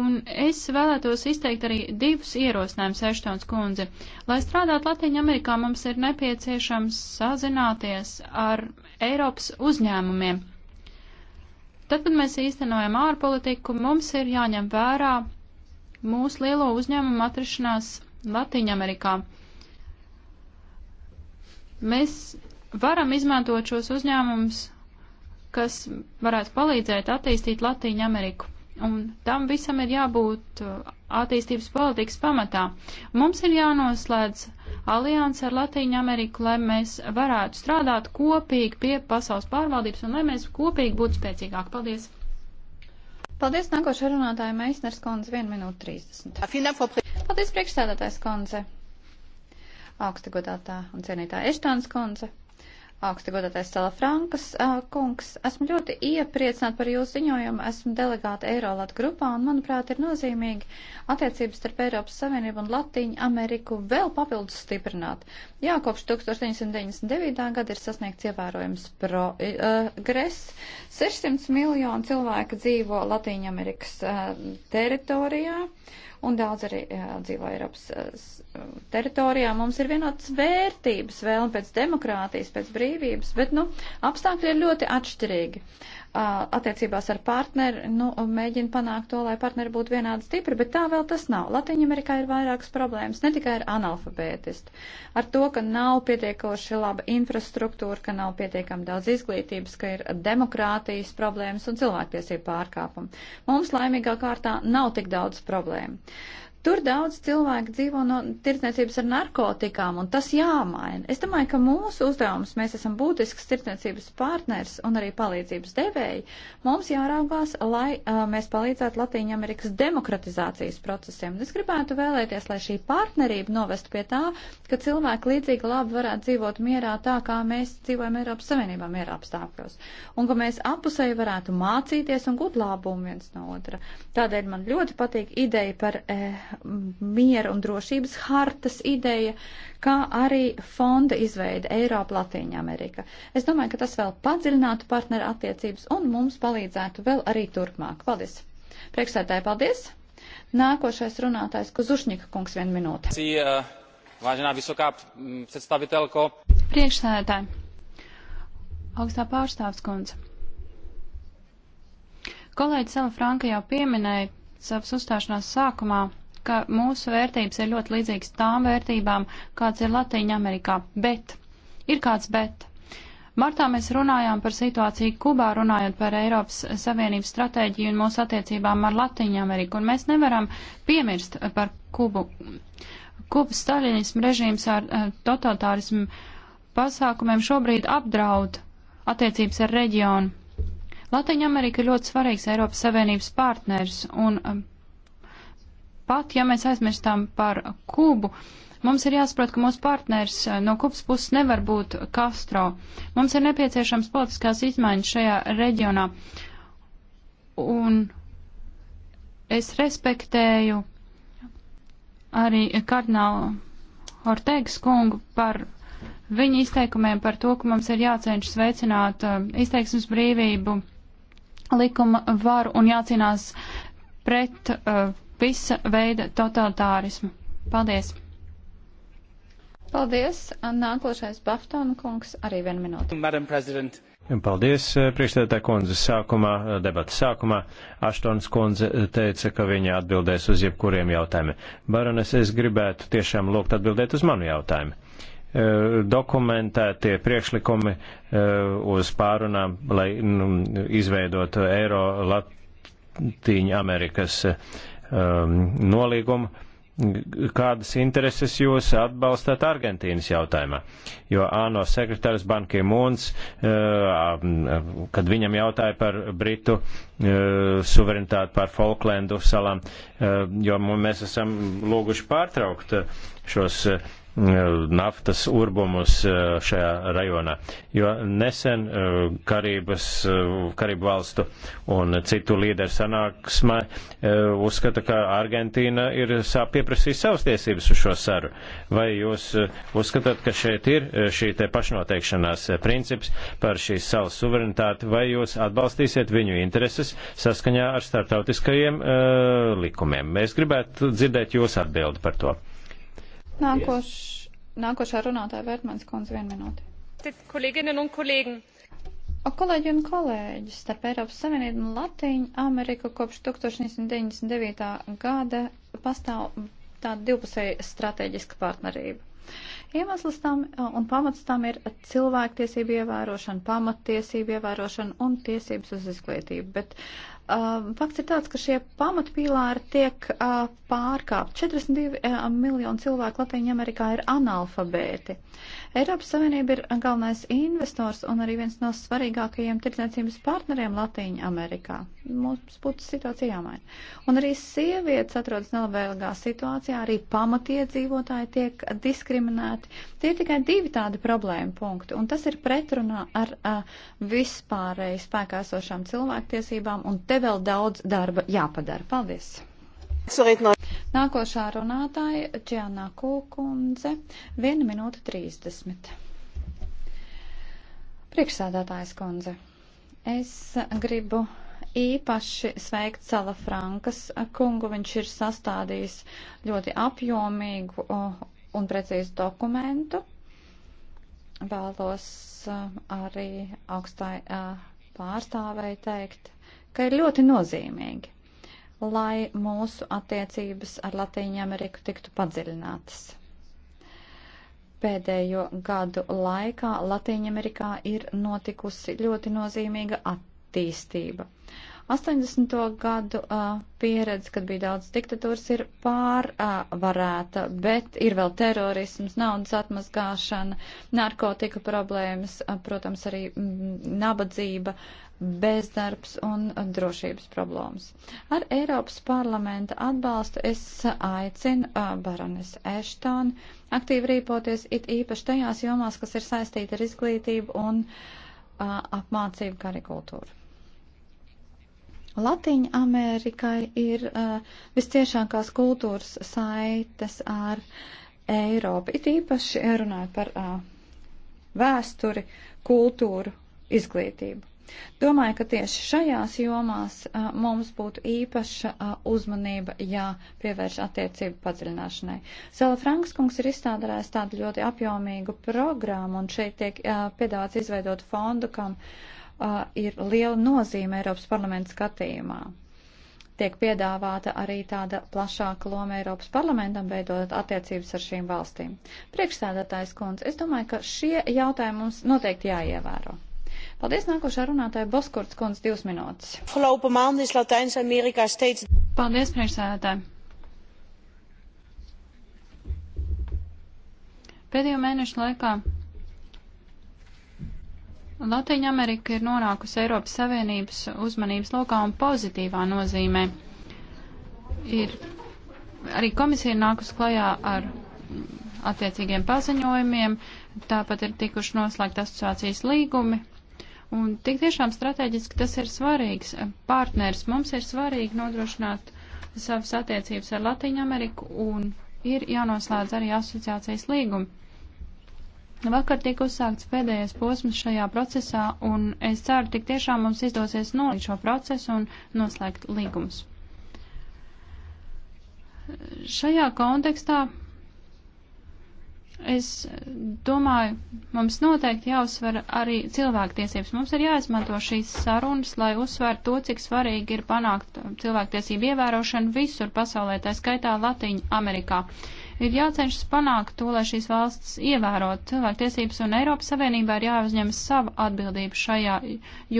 Un es vēlētos izteikt arī divus ierosinājumus, Eštons kundze. Lai strādātu Latīņa Amerikā, mums ir nepieciešams sazināties ar Eiropas uzņēmumiem. Tad, kad mēs īstenojam ārpolitiku, mums ir jāņem vērā mūsu lielo uzņēmumu atrašanās Latīņamerikā. Mēs varam izmantot šos uzņēmumus, kas varētu palīdzēt attīstīt Latīņameriku. Un tam visam ir jābūt uh, attīstības politikas pamatā. Mums ir jānoslēdz aliansi ar Latīņu Ameriku, lai mēs varētu strādāt kopīgi pie pasaules pārvaldības un lai mēs kopīgi būtu spēcīgāki. Paldies! Paldies, nākošais runātāja Meisners Kondze, 1 minūte 30. Ah, Paldies, priekšstādātājs Kondze, augsta godātā un cienītā Eštāns Kondze augsti godātais Salafrankas kungs. Esmu ļoti iepriecināta par jūsu ziņojumu. Esmu delegāta Eirolat grupā un, manuprāt, ir nozīmīgi attiecības starp Eiropas Savienību un Latīņu Ameriku vēl papildus stiprināt. Jā, kopš 1999. gada ir sasniegts ievērojams progress. Uh, 600 miljonu cilvēku dzīvo Latīņu Amerikas uh, teritorijā un daudz arī dzīvo Eiropas eh, eh, teritorijā. Mums ir vienotas vērtības, vēlme pēc demokrātijas, pēc brīvības, bet, nu, apstākļi ir ļoti atšķirīgi. Uh, attiecībās ar partneri, nu, mēģina panākt to, lai partneri būtu vienādi stipri, bet tā vēl tas nav. Latvijā-Amerikā ir vairākas problēmas, ne tikai ar analfabētistu, ar to, ka nav pietiekoši laba infrastruktūra, ka nav pietiekami daudz izglītības, ka ir demokrātijas problēmas un cilvēktiesību pārkāpumi. Mums laimīgā kārtā nav tik daudz problēmu. Uh, Tur daudz cilvēku dzīvo no tirdzniecības ar narkotikām, un tas jāmaina. Es domāju, ka mūsu uzdevums, mēs esam būtisks tirdzniecības partners un arī palīdzības devēji, mums jāraugās, lai uh, mēs palīdzētu Latīņa Amerikas demokratizācijas procesiem. Un es gribētu vēlēties, lai šī partnerība novestu pie tā, ka cilvēki līdzīgi labi varētu dzīvot mierā tā, kā mēs dzīvojam Eiropas Savienībā mierā apstākļos, un ka mēs apusēji varētu mācīties un gūt labumu viens no otra. Tādēļ man ļoti patīk ideja par. Eh, miera un drošības hartas ideja, kā arī fonda izveida Eiropa Latīņa Amerika. Es domāju, ka tas vēl padziļinātu partneru attiecības un mums palīdzētu vēl arī turpmāk. Paldies! Priekšsētāji, paldies! Nākošais runātājs Kuzušņika kungs vien minūte. Vážená vysoká mm, predstavitelko. Priekšsēdētāji, augstā pārstāvs kundze. Kolēģis Sela Franka jau pieminēja savas uzstāšanās sākumā ka mūsu vērtības ir ļoti līdzīgas tām vērtībām, kāds ir Latīņa Amerikā. Bet ir kāds bet. Martā mēs runājām par situāciju Kubā, runājot par Eiropas Savienības stratēģiju un mūsu attiecībām ar Latīņu Ameriku, un mēs nevaram piemirst par Kubu. Kubas staļinismu režīms ar eh, totalitārismu pasākumiem šobrīd apdraud attiecības ar reģionu. Latīņa Amerika ir ļoti svarīgs Eiropas Savienības partners, un eh, pat ja mēs aizmirstam par Kubu, mums ir jāsaprot, ka mūsu partners eh, no Kubas puses nevar būt Castro. Mums ir nepieciešams politiskās izmaiņas šajā reģionā. Un es respektēju arī kardinālu Ortegas kungu par viņa izteikumiem par to, ka mums ir jācenšas veicināt eh, izteiksmes brīvību, likuma varu un jācīnās pret uh, visa veida totalitārismu. Paldies! Paldies! Nākošais Baftona kungs arī vienu minūti. Paldies, eh, priekšstādātā kundze. Sākumā, eh, debata sākumā, Aštons kundze eh, teica, ka viņa atbildēs uz jebkuriem jautājumiem. Barones, es gribētu tiešām lūgt atbildēt uz manu jautājumu. Dokumentētie priekšlikumi uz pārunām, lai nu, izveidot Eiro Latīņu Amerikas um, nolīgumu, kādas intereses jūs atbalstāt Argentīnas jautājumā. Jo ANO sekretārs Banki Mūns, uh, um, kad viņam jautāja par Britu uh, suverenitāti par Falklendu salām, uh, jo mēs esam lūguši pārtraukt šos naftas urbumus eh, šajā rajonā. Jo nesen eh, Karības, eh, Karību valstu un citu līderu sanāksmē uzskata, ka Argentīna ir pieprasījusi savas tiesības uz šo saru. Vai jūs uzskatāt, ka šeit ir šī te pašnoteikšanās princips par šīs savas suverenitāti, vai jūs atbalstīsiet viņu intereses saskaņā ar starptautiskajiem likumiem? Mēs gribētu dzirdēt jūs atbildi par to. Nākoš, nākošā runātāja Vērtmanis kundze vienu minūti. Kolēģinnen un kolēģi. O kolēģi un kolēģi, starp Eiropas Savienību un Latīņu Ameriku kopš 1999. gada pastāv tāda divpusēja strateģiska partnerība. Iemesls tam un pamats tam ir cilvēktiesību ievērošana, pamattiesību ievērošana un tiesības uz izglītību. Bet Uh, fakts ir tāds, ka šie pamatpīlāri tiek uh, pārkāpt. 42 uh, miljoni cilvēku Latvijā Amerikā ir analfabēti. Eiropas Savienība ir galvenais investors un arī viens no svarīgākajiem tirdzniecības partneriem Latīņa Amerikā. Mums būtu situācija jāmaina. Un arī sievietes atrodas nelabvēlīgā situācijā, arī pamatiedzīvotāji tiek diskriminēti. Tie ir tikai divi tādi problēma punkti, un tas ir pretrunā ar uh, vispārēji spēkā esošām cilvēktiesībām, un te vēl daudz darba jāpadara. Paldies! Nākošā runātāja Džianā Kūkundze, 1 minūte 30. Priekšsādātājs kundze, es gribu īpaši sveikt Cela Frankas kungu. Viņš ir sastādījis ļoti apjomīgu un precīzu dokumentu. Vēlos arī augstai pārstāvēji teikt, ka ir ļoti nozīmīgi lai mūsu attiecības ar Latīņu Ameriku tiktu padziļinātas. Pēdējo gadu laikā Latīņa Amerikā ir notikusi ļoti nozīmīga attīstība. 80. gadu uh, pieredze, kad bija daudz diktatūras, ir pārvarēta, uh, bet ir vēl terorisms, naudas atmazgāšana, narkotika problēmas, uh, protams, arī mm, nabadzība, bezdarbs un drošības problēmas. Ar Eiropas parlamenta atbalstu es aicinu Baronis Eštoni aktīvi rīpoties it īpaši tajās jomās, kas ir saistīta ar izglītību un apmācību karikultūru. Latīņa Amerikai ir uh, visciešākās kultūras saites ar Eiropu, it īpaši runājot par uh, vēsturi, kultūru, izglītību. Domāju, ka tieši šajās jomās a, mums būtu īpaša a, uzmanība jāpievērš attiecību padziļināšanai. Sela Frankskungs ir izstādājis tādu ļoti apjomīgu programmu, un šeit tiek a, piedāvāts izveidot fondu, kam ir liela nozīme Eiropas parlamenta skatījumā. Tiek piedāvāta arī tāda plašāka loma Eiropas parlamentam, veidot attiecības ar šīm valstīm. Priekšsēdētājs kundze, es domāju, ka šie jautājumi mums noteikti jāievēro. Paldies nākošā runātāja Boskurts kundze divas minūtes. Paldies priekšsēdētāji. Pēdējo mēnešu laikā Latvija Amerika ir nonākusi Eiropas Savienības uzmanības lokā un pozitīvā nozīmē. Ir arī komisija ir nākus klajā ar attiecīgiem paziņojumiem, tāpat ir tikuši noslēgt asociācijas līgumi Un tik tiešām strateģiski tas ir svarīgs partners. Mums ir svarīgi nodrošināt savas attiecības ar Latīņu Ameriku un ir jānoslēdz arī asociācijas līgumi. Vakar tika uzsākts pēdējais posms šajā procesā, un es ceru, tik tiešām mums izdosies nolīt šo procesu un noslēgt līgumus. Šajā kontekstā Es domāju, mums noteikti jāuzsver arī cilvēktiesības. Mums ir jāizmanto šīs sarunas, lai uzsver to, cik svarīgi ir panākt cilvēktiesību ievērošanu visur pasaulē, tā skaitā Latīņa Amerikā. Ir jācenšas panākt to, lai šīs valsts ievērot cilvēktiesības, un Eiropas Savienībā ir jāuzņem sava atbildība šajā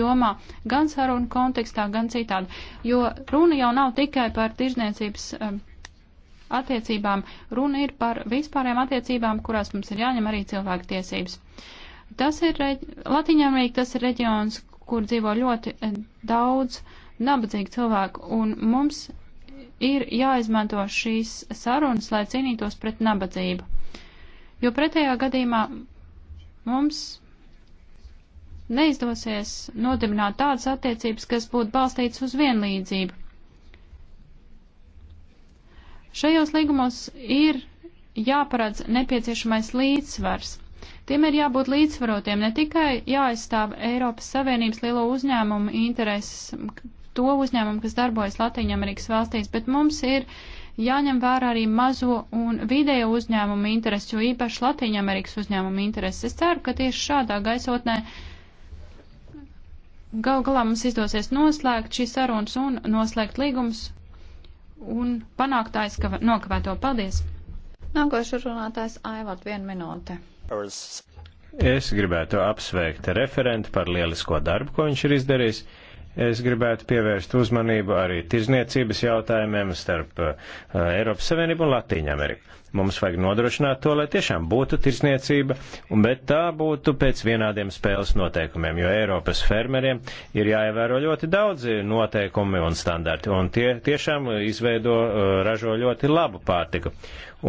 jomā, gan sarunu kontekstā, gan citādi. Jo runa jau nav tikai par tirzniecības um, attiecībām. Runa ir par vispārējām attiecībām, kurās mums ir jāņem arī cilvēku tiesības. Tas ir Latīņamerika, tas ir reģions, kur dzīvo ļoti eh, daudz nabadzīgu cilvēku, un mums ir jāizmanto šīs sarunas, lai cīnītos pret nabadzību. Jo pretējā gadījumā mums neizdosies nodibināt tādas attiecības, kas būtu balstītas uz vienlīdzību. Šajos līgumos ir jāparedz nepieciešamais līdzsvars. Tiem ir jābūt līdzsvarotiem, ne tikai jāaizstāv Eiropas Savienības lielo uzņēmumu intereses, to uzņēmumu, kas darbojas Latvijas-Amerikas valstīs, bet mums ir jāņem vērā arī mazo un vidējo uzņēmumu intereses, jo īpaši Latvijas-Amerikas uzņēmumu intereses. Es ceru, ka tieši šādā gaisotnē gal galā mums izdosies noslēgt šīs sarunas un noslēgt līgumus, un panākt aizkava, nokavēto. Paldies! Nākošais runātājs Aivart, viena minūte. Es gribētu apsveikt referentu par lielisko darbu, ko viņš ir izdarījis. Es gribētu pievērst uzmanību arī tirzniecības jautājumiem starp uh, Eiropas Savienību un Latīņu Ameriku. Mums vajag nodrošināt to, lai tiešām būtu tirzniecība, bet tā būtu pēc vienādiem spēles noteikumiem, jo Eiropas fermeriem ir jāievēro ļoti daudzi noteikumi un standarti, un tie tiešām izveido, uh, ražo ļoti labu pārtiku.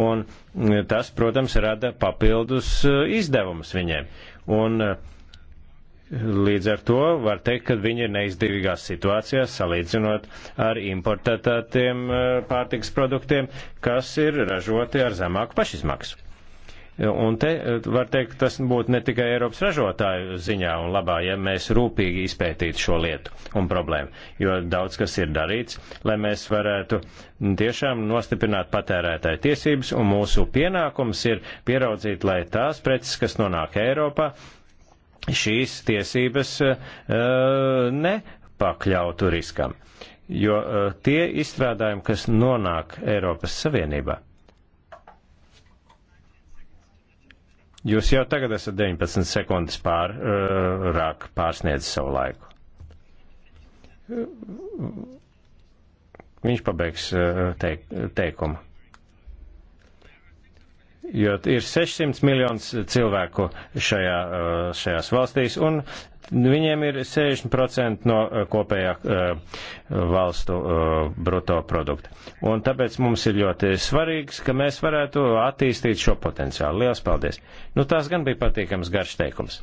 Un uh, tas, protams, rada papildus izdevumus viņiem. Un, uh, Līdz ar to var teikt, ka viņi ir neizdevīgās situācijās salīdzinot ar importētātiem eh, pārtiks produktiem, kas ir ražoti ar zemāku pašizmaksu. Un te eh, var teikt, tas būtu ne tikai Eiropas ražotāju ziņā un labā, ja mēs rūpīgi izpētītu šo lietu un problēmu, jo daudz kas ir darīts, lai mēs varētu tiešām nostiprināt patērētāju tiesības, un mūsu pienākums ir pieraudzīt, lai tās preces, kas nonāk Eiropā, šīs tiesības eh, nepakļautu riskam, jo eh, tie izstrādājumi, kas nonāk Eiropas Savienībā, Jūs jau tagad esat 19 sekundes pār, eh, rāk pārsniedz savu laiku. Viņš pabeigs teik, teikumu jo ir 600 miljonus cilvēku šajā, eh, šajās valstīs, un viņiem ir 60% no eh, kopējā eh, valstu bruto produkta. Un tāpēc mums ir ļoti svarīgs, ka mēs varētu attīstīt šo potenciālu. Lielas paldies! Nu, tās gan bija patīkams garš teikums.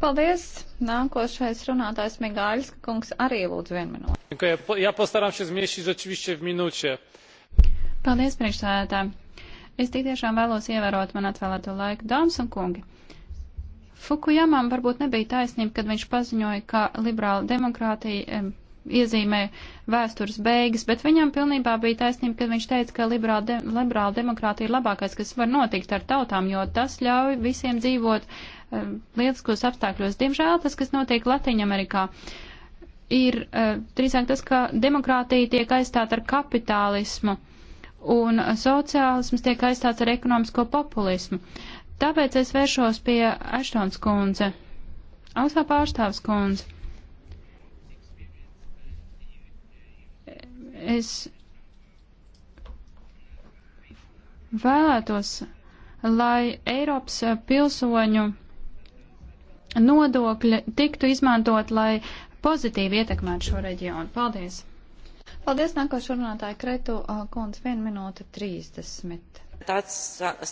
Paldies! Nākošais runātājs Migāļs, kungs arī lūdzu vienu minūti. Jā, postaram šis mieši rzeczywiście v minūte. Paldies, priekšsēdētāji! Es tik tiešām vēlos ievērot man atvēlēto laiku, dāmas un kungi. Fukujamam varbūt nebija taisnība, kad viņš paziņoja, ka liberāla demokrātija iezīmē vēstures beigas, bet viņam pilnībā bija taisnība, kad viņš teica, ka liberāla, de liberāla demokrātija ir labākais, kas var notikt ar tautām, jo tas ļauj visiem dzīvot uh, lieliskos apstākļos. Diemžēl tas, kas notiek Latviņamerikā, ir uh, drīzāk tas, ka demokrātija tiek aizstāta ar kapitālismu. Uh, un sociālisms tiek aizstāts ar ekonomisko populismu. Tāpēc es vēršos pie Aštons kundze, augstā pārstāvs kundze. Es vēlētos, lai Eiropas pilsoņu nodokļi tiktu izmantot, lai pozitīvi ietekmētu šo reģionu. Paldies! Paldies, nākošais runātāja Kretu kundze, 1 minūte 30. Tāds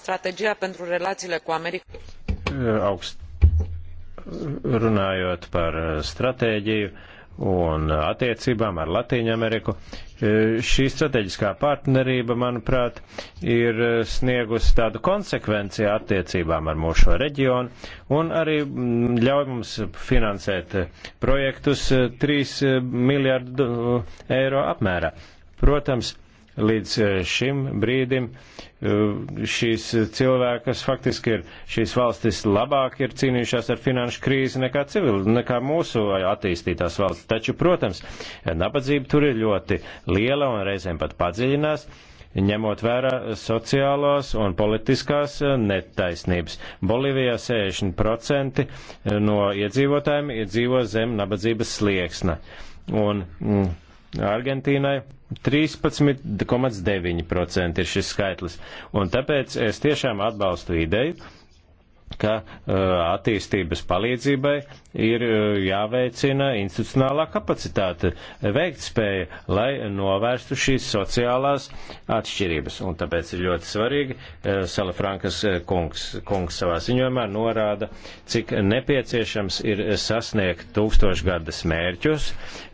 stratēģijā pentru relācijā ko Amerika. Augst runājot par stratēģiju un attiecībām ar Latīņu Ameriku. E, šī strateģiskā partnerība, manuprāt, ir sniegusi tādu konsekvenci attiecībām ar mūsu reģionu un arī mm, ļauj mums finansēt projektus 3 e, e, miljārdu eiro apmērā. Protams, līdz eh, šim brīdim eh, šīs cilvēkas faktiski ir, šīs valstis labāk ir cīnījušās ar finanšu krīzi nekā civili, nekā mūsu attīstītās valsts. Taču, protams, nabadzība tur ir ļoti liela un reizēm pat padziļinās ņemot vērā sociālās un politiskās eh, netaisnības. Bolivijā 60% no iedzīvotājiem iedzīvo zem nabadzības slieksna. Un, mm, Argentīnai 13,9% ir šis skaitlis. Un tāpēc es tiešām atbalstu ideju, ka uh, attīstības palīdzībai ir e, jāveicina institucionālā kapacitāte, veiktspēja, lai novērstu šīs sociālās atšķirības. Un tāpēc ir ļoti svarīgi, e, Salafrankas e, kungs, kungs savā ziņojumā norāda, cik nepieciešams ir sasniegt tūkstošgadas mērķus,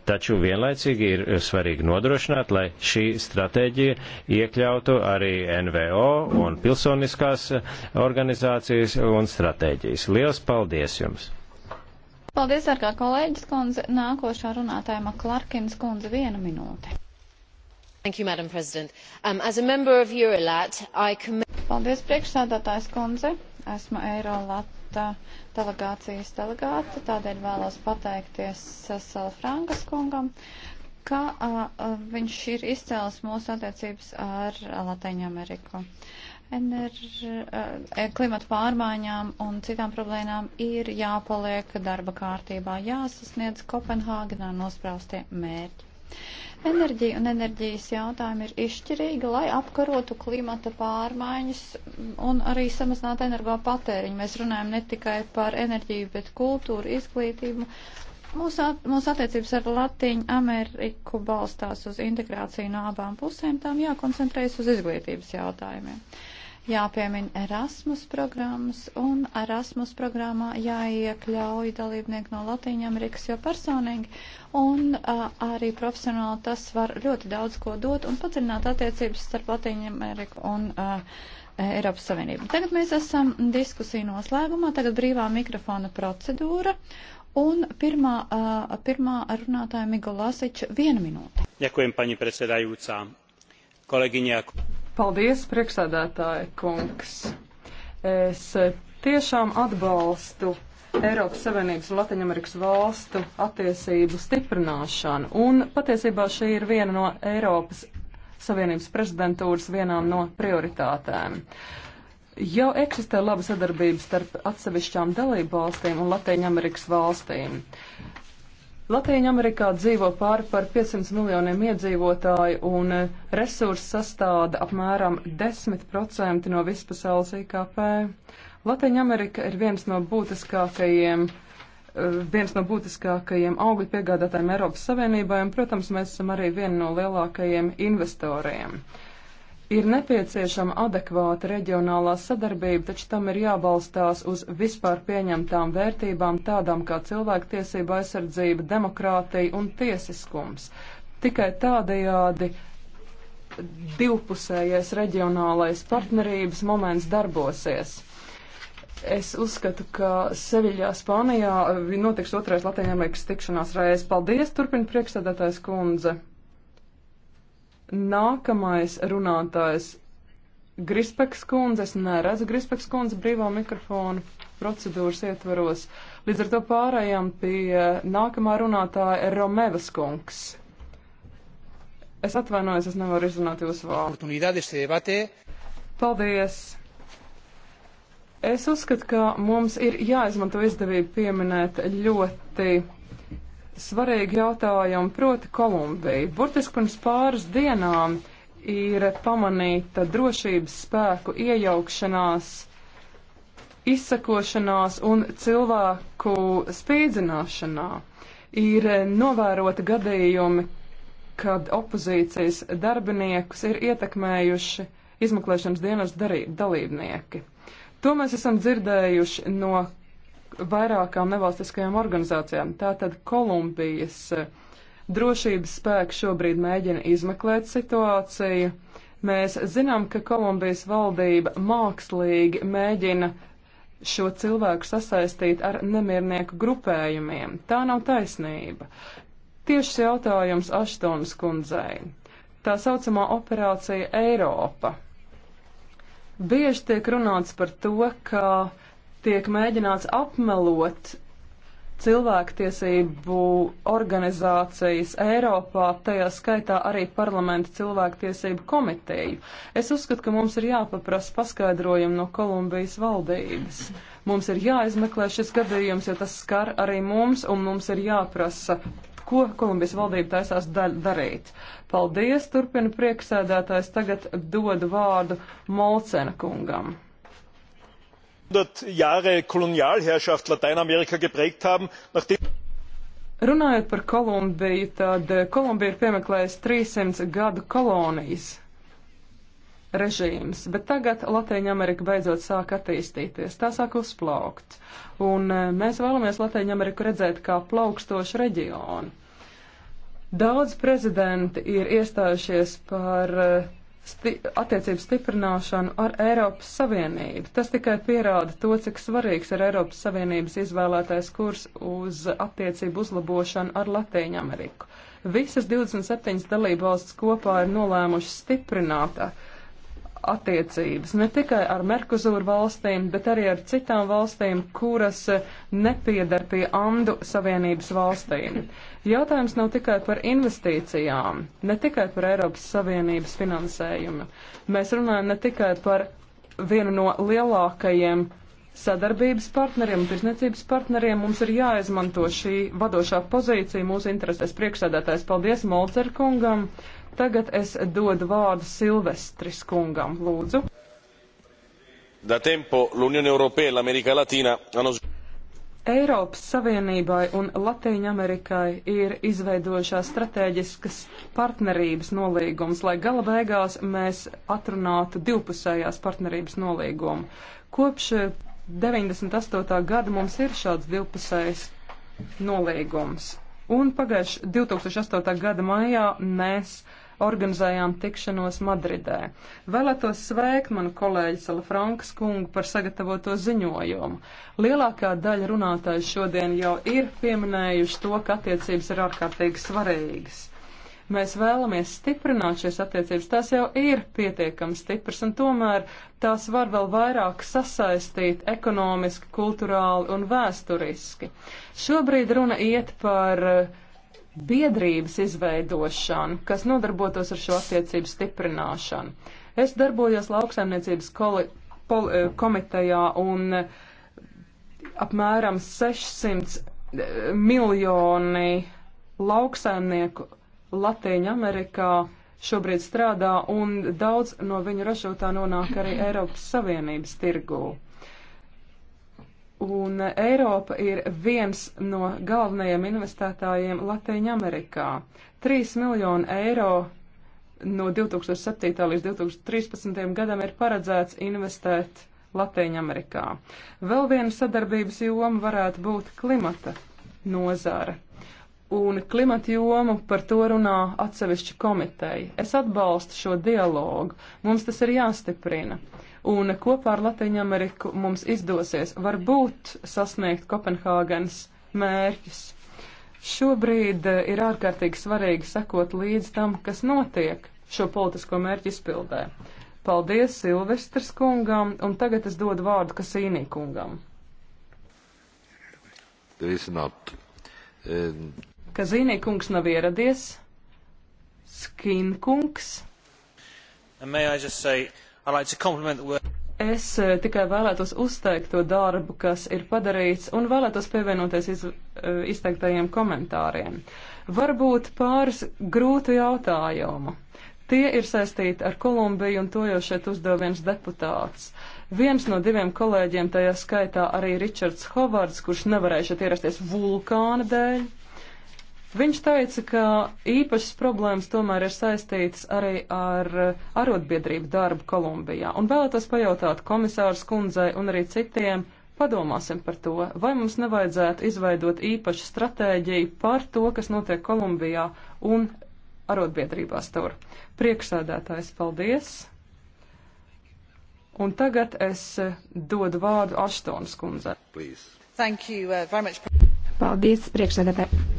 taču vienlaicīgi ir svarīgi nodrošināt, lai šī stratēģija iekļautu arī NVO un pilsoniskās organizācijas un stratēģijas. Lielas paldies jums! Paldies, dārgā kolēģis kundze. Nākošā runātāja Maklārkins kundze viena minūte. Thank you, Madam President. Um, as a member of Eurolat, I commend... Paldies, priekšsādātājs kundze. Esmu Eurolata uh, delegācijas delegāta, tādēļ vēlos pateikties Sasala uh, Frankas kungam, ka uh, uh, viņš ir izcēlis mūsu attiecības ar Latviju Ameriku. Uh, Ener e, klimata pārmaiņām un citām problēmām ir jāpaliek darba kārtībā, jāsasniedz Kopenhāgenā nospraustie mērķi. Enerģija un enerģijas jautājumi ir izšķirīgi, lai apkarotu klimata pārmaiņas un arī samazinātu energopatēriņu. Mēs runājam ne tikai par enerģiju, bet kultūru, izglītību. Mūsu, at, mūsu attiecības ar Latīņu Ameriku balstās uz integrāciju no abām pusēm, tām jākoncentrējas uz izglītības jautājumiem jāpiemina Erasmus programmas, un Erasmus programmā jāiekļauj dalībnieki no Latīņamerikas, jo personīgi un uh, arī profesionāli tas var ļoti daudz ko dot un padziļināt attiecības starp Latīņameriku un uh, Eiropas Savienību. Tagad mēs esam diskusiju noslēgumā, tagad brīvā mikrofona procedūra. Un pirmā, uh, pirmā runātāja Migulāsiča viena minūte. Ďakujem, pani predsedajúca. Kolegyňa. Paldies, priekšsēdētāja kungs. Es tiešām atbalstu Eiropas Savienības un Latvijas valstu attiecību stiprināšanu. Un patiesībā šī ir viena no Eiropas Savienības prezidentūras vienām no prioritātēm. Jau eksistē laba sadarbība starp atsevišķām dalību valstīm un Latvijas valstīm. Latvijā Amerikā dzīvo pāri par 500 miljoniem iedzīvotāju, un eh, resursi sastāda apmēram 10% no vispasaules IKP. Latvijā Amerika ir viens no būtiskākajiem eh, viens no būtiskākajiem augļu piegādātājiem Eiropas Savienībai, un, protams, mēs esam arī vieni no lielākajiem investoriem. Uh, Ir nepieciešama adekvāta reģionālā sadarbība, taču tam ir jābalstās uz vispār pieņemtām vērtībām, tādām kā cilvēktiesība aizsardzība, demokrātija un tiesiskums. Tikai tādējādi divpusējais reģionālais partnerības moments darbosies. Es uzskatu, ka Seviļā, Spānijā notiks otrais Latvijas Amerikas tikšanās reizes. Paldies, turpina priekšsēdētājs kundze. Nākamais runātājs Grispeks kundze, es neredzu Grispeks kundze brīvā mikrofona procedūras ietvaros. Līdz ar to pārējām pie nākamā runātāja Romevas kungs. Es atvainojos, es nevaru izrunāt jūsu vārdu. Paldies! Es uzskatu, ka mums ir jāizmanto izdevība pieminēt ļoti svarīgu jautājumu, proti Kolumbiju. Burtiski pirms pāris dienām ir pamanīta drošības spēku iejaukšanās, izsakošanās un cilvēku spīdzināšanā. Ir novēroti gadījumi, kad opozīcijas darbiniekus ir ietekmējuši izmeklēšanas dienas dalībnieki. To mēs esam dzirdējuši no vairākām nevalstiskajām organizācijām. Tātad Kolumbijas eh, drošības spēki šobrīd mēģina izmeklēt situāciju. Mēs zinām, ka Kolumbijas valdība mākslīgi mēģina šo cilvēku sasaistīt ar nemiernieku grupējumiem. Tā nav taisnība. Tieši jautājums Aštonas kundzei. Tā saucamā operācija Eiropa. Bieži tiek runāts par to, ka uh, tiek mēģināts apmelot cilvēktiesību organizācijas Eiropā, tajā skaitā arī parlamenta cilvēktiesību komiteju. Es uzskatu, ka mums ir jāpaprasa paskaidrojumu no Kolumbijas valdības. Mums ir jāizmeklē šis gadījums, jo tas skar arī mums, un mums ir jāprasa, ko Kolumbijas valdība taisās da darīt. Paldies, turpina prieksēdētājs, tagad dodu vārdu Molcena kungam hundert jahre kolonialherrschaft lateinamerika geprägt haben nachdem Runājot par Kolumbiju, tad Kolumbija ir piemeklējusi 300 gadu kolonijas režīms, bet tagad Latvija Amerika beidzot sāk attīstīties, tā sāk uzplaukt. Un eh, mēs vēlamies Latviju Ameriku redzēt kā plaukstošu reģionu. Daudz prezidenti ir iestājušies par eh, sti attiecību stiprināšanu ar Eiropas Savienību. Tas tikai pierāda to, cik svarīgs ir Eiropas Savienības izvēlētais kurs uz attiecību uzlabošanu ar Latīņu Ameriku. Visas 27 dalību valsts kopā ir nolēmušas stiprināt attiecības ne tikai ar Merkuzūru valstīm, bet arī ar citām valstīm, kuras nepiedar pie Andu Savienības valstīm. Jautājums nav tikai par investīcijām, ne tikai par Eiropas Savienības finansējumu. Mēs runājam ne tikai par vienu no lielākajiem sadarbības partneriem un tirsniecības partneriem mums ir jāizmanto šī vadošā pozīcija mūsu interesēs priekšsēdētājs. Paldies Molcer kungam, Tagad es dodu vārdu Silvestris kungam, lūdzu. Da tempo l'Unione Europea e l'America Latina hanno Eiropas Savienībai un Latīņamerikai ir izveidojušās strateģiskas partnerības nolīgums, lai gala beigās mēs atrunātu divpusējās partnerības nolīgumu. Kopš 98. Eh, gada mums ir šāds divpusējs nolīgums. Un pagājuši 2008. gada maijā mēs organizējām tikšanos Madridē. Vēlētos sveikt manu kolēģi Salafrankas kungu par sagatavoto ziņojumu. Lielākā daļa runātāju šodien jau ir pieminējuši to, ka attiecības ir ārkārtīgi svarīgas. Mēs vēlamies stiprināt šīs attiecības, tās jau ir pietiekami stipras, un tomēr tās var vēl vairāk sasaistīt ekonomiski, kulturāli un vēsturiski. Šobrīd runa iet par uh, biedrības izveidošanu, kas nodarbotos ar šo attiecību stiprināšanu. Es darbojos lauksaimniecības eh, komitejā un eh, apmēram 600 eh, miljoni lauksaimnieku Latīņa Amerikā šobrīd strādā un daudz no viņu ražotā nonāk arī Eiropas Savienības tirgū. Un Eiropa ir viens no galvenajiem investētājiem Latvijā, Amerikā. 3 miljoni eiro no 2007. līdz 2013. gadam ir paredzēts investēt Latvijā, Amerikā. Vēl viena sadarbības joma varētu būt klimata nozara. Un klimata jomu par to runā atsevišķa komiteja. Es atbalstu šo dialogu. Mums tas ir jāstiprina un kopā ar Latviņameriku mums izdosies varbūt sasniegt Kopenhāgenes mērķus. Šobrīd eh, ir ārkārtīgi svarīgi sekot līdz tam, kas notiek šo politisko mērķu izpildē. Paldies Silvestras kungam, un tagad es dodu vārdu Kasīnī kungam. Um... Kazīnī kungs nav ieradies. Skin kungs. And may I just say, Like es eh, tikai vēlētos uzteikt to darbu, kas ir padarīts, un vēlētos pievienoties iz, eh, izteiktajiem komentāriem. Varbūt pāris grūtu jautājumu. Tie ir saistīti ar Kolumbiju, un to jau šeit uzdev viens deputāts. Viens no diviem kolēģiem, tajā skaitā arī Ričards Hovards, kurš nevarēja šeit ierasties vulkāna dēļ, Viņš teica, ka īpašas problēmas tomēr ir saistītas arī ar eh, arotbiedrību darbu Kolumbijā. Un vēlētos pajautāt komisārs kundzei un arī citiem, padomāsim par to, vai mums nevajadzētu izveidot īpašu stratēģiju par to, kas notiek Kolumbijā un arotbiedrībās tur. Priekšsēdētājs, paldies! Un tagad es eh, dodu vārdu Aštonas kundzei. Uh, paldies, priekšsēdētāji!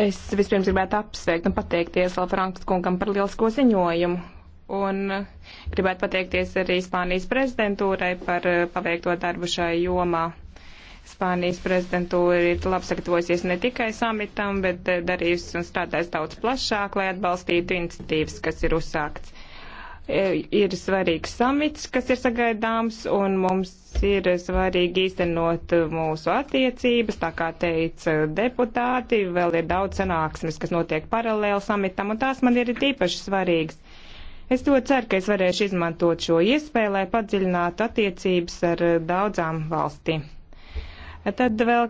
Es vispirms gribētu apsveikt un pateikties Alfrānkas kungam par lielisko ziņojumu. Un gribētu pateikties arī Spānijas prezidentūrai par eh, paveikto darbu šai jomā. Spānijas prezidentūra ir labi sagatavojusies ne tikai samitam, bet eh, darījusi un strādājusi daudz plašāk, lai atbalstītu iniciatīvas, kas ir uzsākts. E, ir svarīgs samits, kas ir sagaidāms, un mums ir svarīgi īstenot mūsu attiecības, tā kā teica deputāti, vēl ir daudz sanāksmes, kas notiek paralēli samitam, un tās man ir tīpaši svarīgas. Es to ceru, ka es varēšu izmantot šo iespēju, lai padziļinātu attiecības ar daudzām valstīm. Tad vēl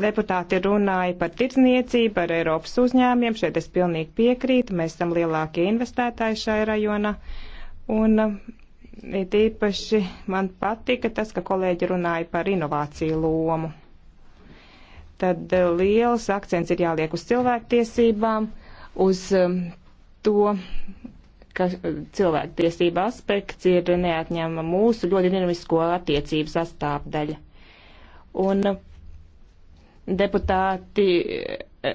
deputāti runāja par tirdzniecību, par Eiropas uzņēmiem. Šeit es pilnīgi piekrītu. Mēs esam lielākie investētāji šajā rajonā. Un um, it īpaši man patika tas, ka kolēģi runāja par inovāciju lomu. Tad uh, liels akcents ir jāliek uz cilvēktiesībām, uz um, to, ka uh, cilvēktiesība aspekts ir neatņemama mūsu ļoti dinamisko attiecību sastāvdaļa. Un uh, deputāti e,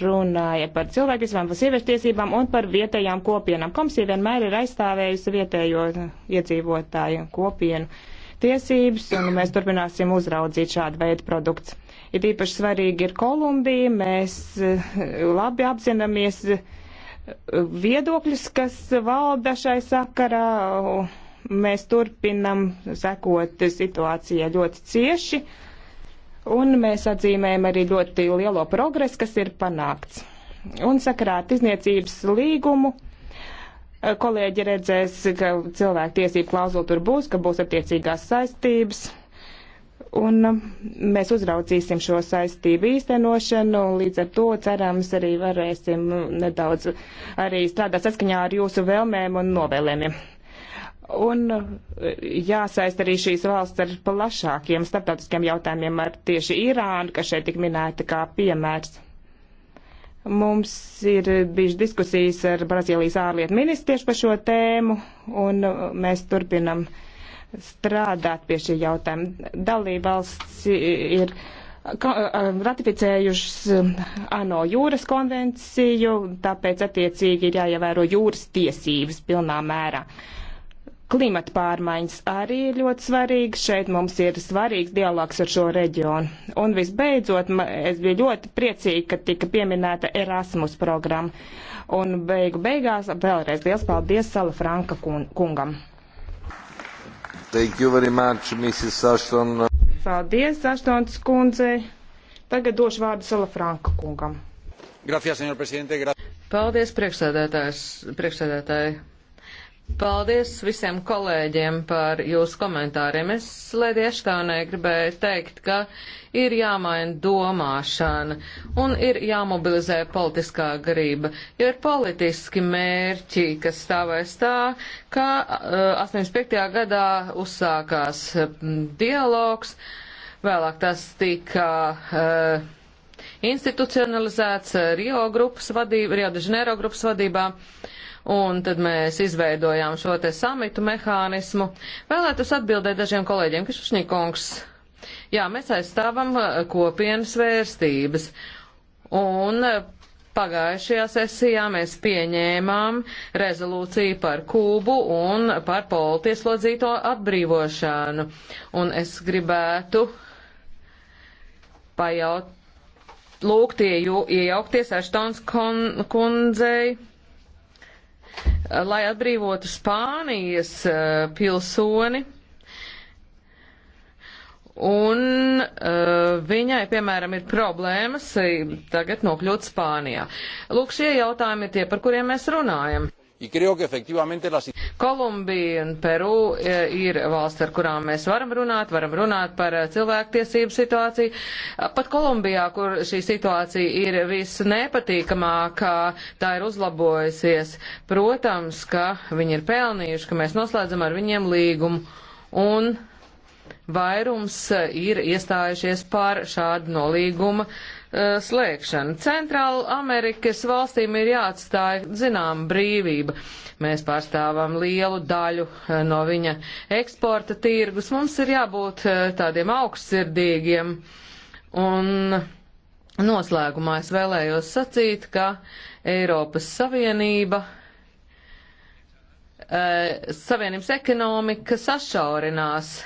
runāja par cilvēktiesībām, par sieviešu tiesībām un par vietējām kopienām. Komisija vienmēr ir aizstāvējusi vietējo iedzīvotāju kopienu tiesības, un mēs turpināsim uzraudzīt šādu veidu produkts. Ir ja īpaši svarīgi ir Kolumbija, mēs e, labi apzināmies e, viedokļus, kas valda šai sakarā. Mēs turpinam sekot situācijai ļoti cieši Un mēs atzīmējam arī ļoti lielo progresu, kas ir panākts. Un sakarā tizniecības līgumu e, kolēģi redzēs, ka cilvēku tiesību klauzula tur būs, ka būs attiecīgās saistības. Un e, mēs uzraucīsim šo saistību īstenošanu, līdz ar to cerams arī varēsim nedaudz arī strādāt saskaņā ar jūsu vēlmēm un novēlēmiem. Un jāsaist arī šīs valsts ar plašākiem starptautiskiem jautājumiem ar tieši Irānu, kas šeit tik minēta kā piemērs. Mums ir bijušas diskusijas ar Brazīlijas ārlietu ministru tieši par šo tēmu, un mēs turpinam strādāt pie šī jautājuma. Dalībvalsts ir ratificējušas ANO jūras konvenciju, tāpēc attiecīgi ir jāievēro jūras tiesības pilnā mērā. Uh, Klimata pārmaiņas arī ir ļoti svarīgas. Šeit mums ir svarīgs dialogs ar šo reģionu. Un visbeidzot, es biju ļoti priecīgi, ka tika pieminēta Erasmus programma. Un beigu beigās vēlreiz liels paldies Sala Franka kungam. Thank you very much, Mrs. Ashton. Paldies, Ashtons kundzei. Tagad došu vārdu Sala Franka kungam. Gracias, señor presidente. Gra Paldies, priekšsēdētājs, priekšsēdētāji. Paldies visiem kolēģiem par jūsu komentāriem. Es Lēdī Eštānē gribēju teikt, ka ir jāmaina domāšana un ir jāmobilizē politiskā garība, jo ir politiski mērķi, kas stāvēs tā, ka uh, 85. gadā uzsākās uh, dialogs, vēlāk tas tika. Uh, institucionalizēts Rio grupas vadībā, Rio de Janeiro grupas vadībā. Uh, un tad mēs izveidojām šo te samitu mehānismu. Vēlētos atbildēt dažiem kolēģiem, kas šņikungs. Jā, mēs aizstāvam uh, kopienas vērstības. Un uh, pagājušajā sesijā mēs pieņēmām rezolūciju par Kūbu un par politieslodzīto atbrīvošanu. Un es gribētu pajaut, lūgt iejaukties Aštons kundzei. Kon Eh, lai atbrīvotu Spānijas eh, pilsoni. Un uh, viņai, piemēram, ir problēmas tagad nokļūt Spānijā. Lūk, šie jautājumi ir tie, par kuriem mēs runājam. Creo, las... Kolumbija un Peru eh, ir valsts, ar kurām mēs varam runāt, varam runāt par eh, cilvēktiesību situāciju. Pat Kolumbijā, kur šī situācija ir visnepatīkamākā, tā ir uzlabojusies. Protams, ka viņi ir pelnījuši, ka mēs noslēdzam ar viņiem līgumu. Un vairums eh, ir iestājušies par šādu nolīguma uh, Uh, slēgšanu. Centrāla Amerikas valstīm ir jāatstāja zinām brīvība. Mēs pārstāvam lielu daļu uh, no viņa eksporta tirgus. Mums ir jābūt uh, tādiem augstsirdīgiem. Un noslēgumā es vēlējos sacīt, ka Eiropas Savienība Savienības ekonomika sašaurinās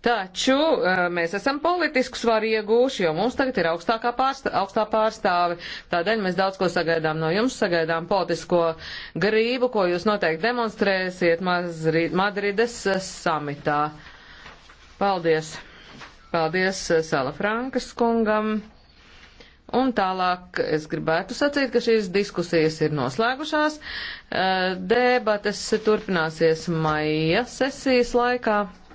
Taču eh, mēs esam politisku svaru iegūši, jo mums tagad ir augstākā pārstāve, augstā pārstāve. Tādēļ mēs daudz ko sagaidām no jums, sagaidām politisko grību, ko jūs noteikti demonstrēsiet Mazri, Madrides eh, samitā. Paldies! Paldies eh, Sala Frankas kungam! Un tālāk es gribētu sacīt, ka šīs diskusijas ir noslēgušās. Debates turpināsies maija sesijas laikā.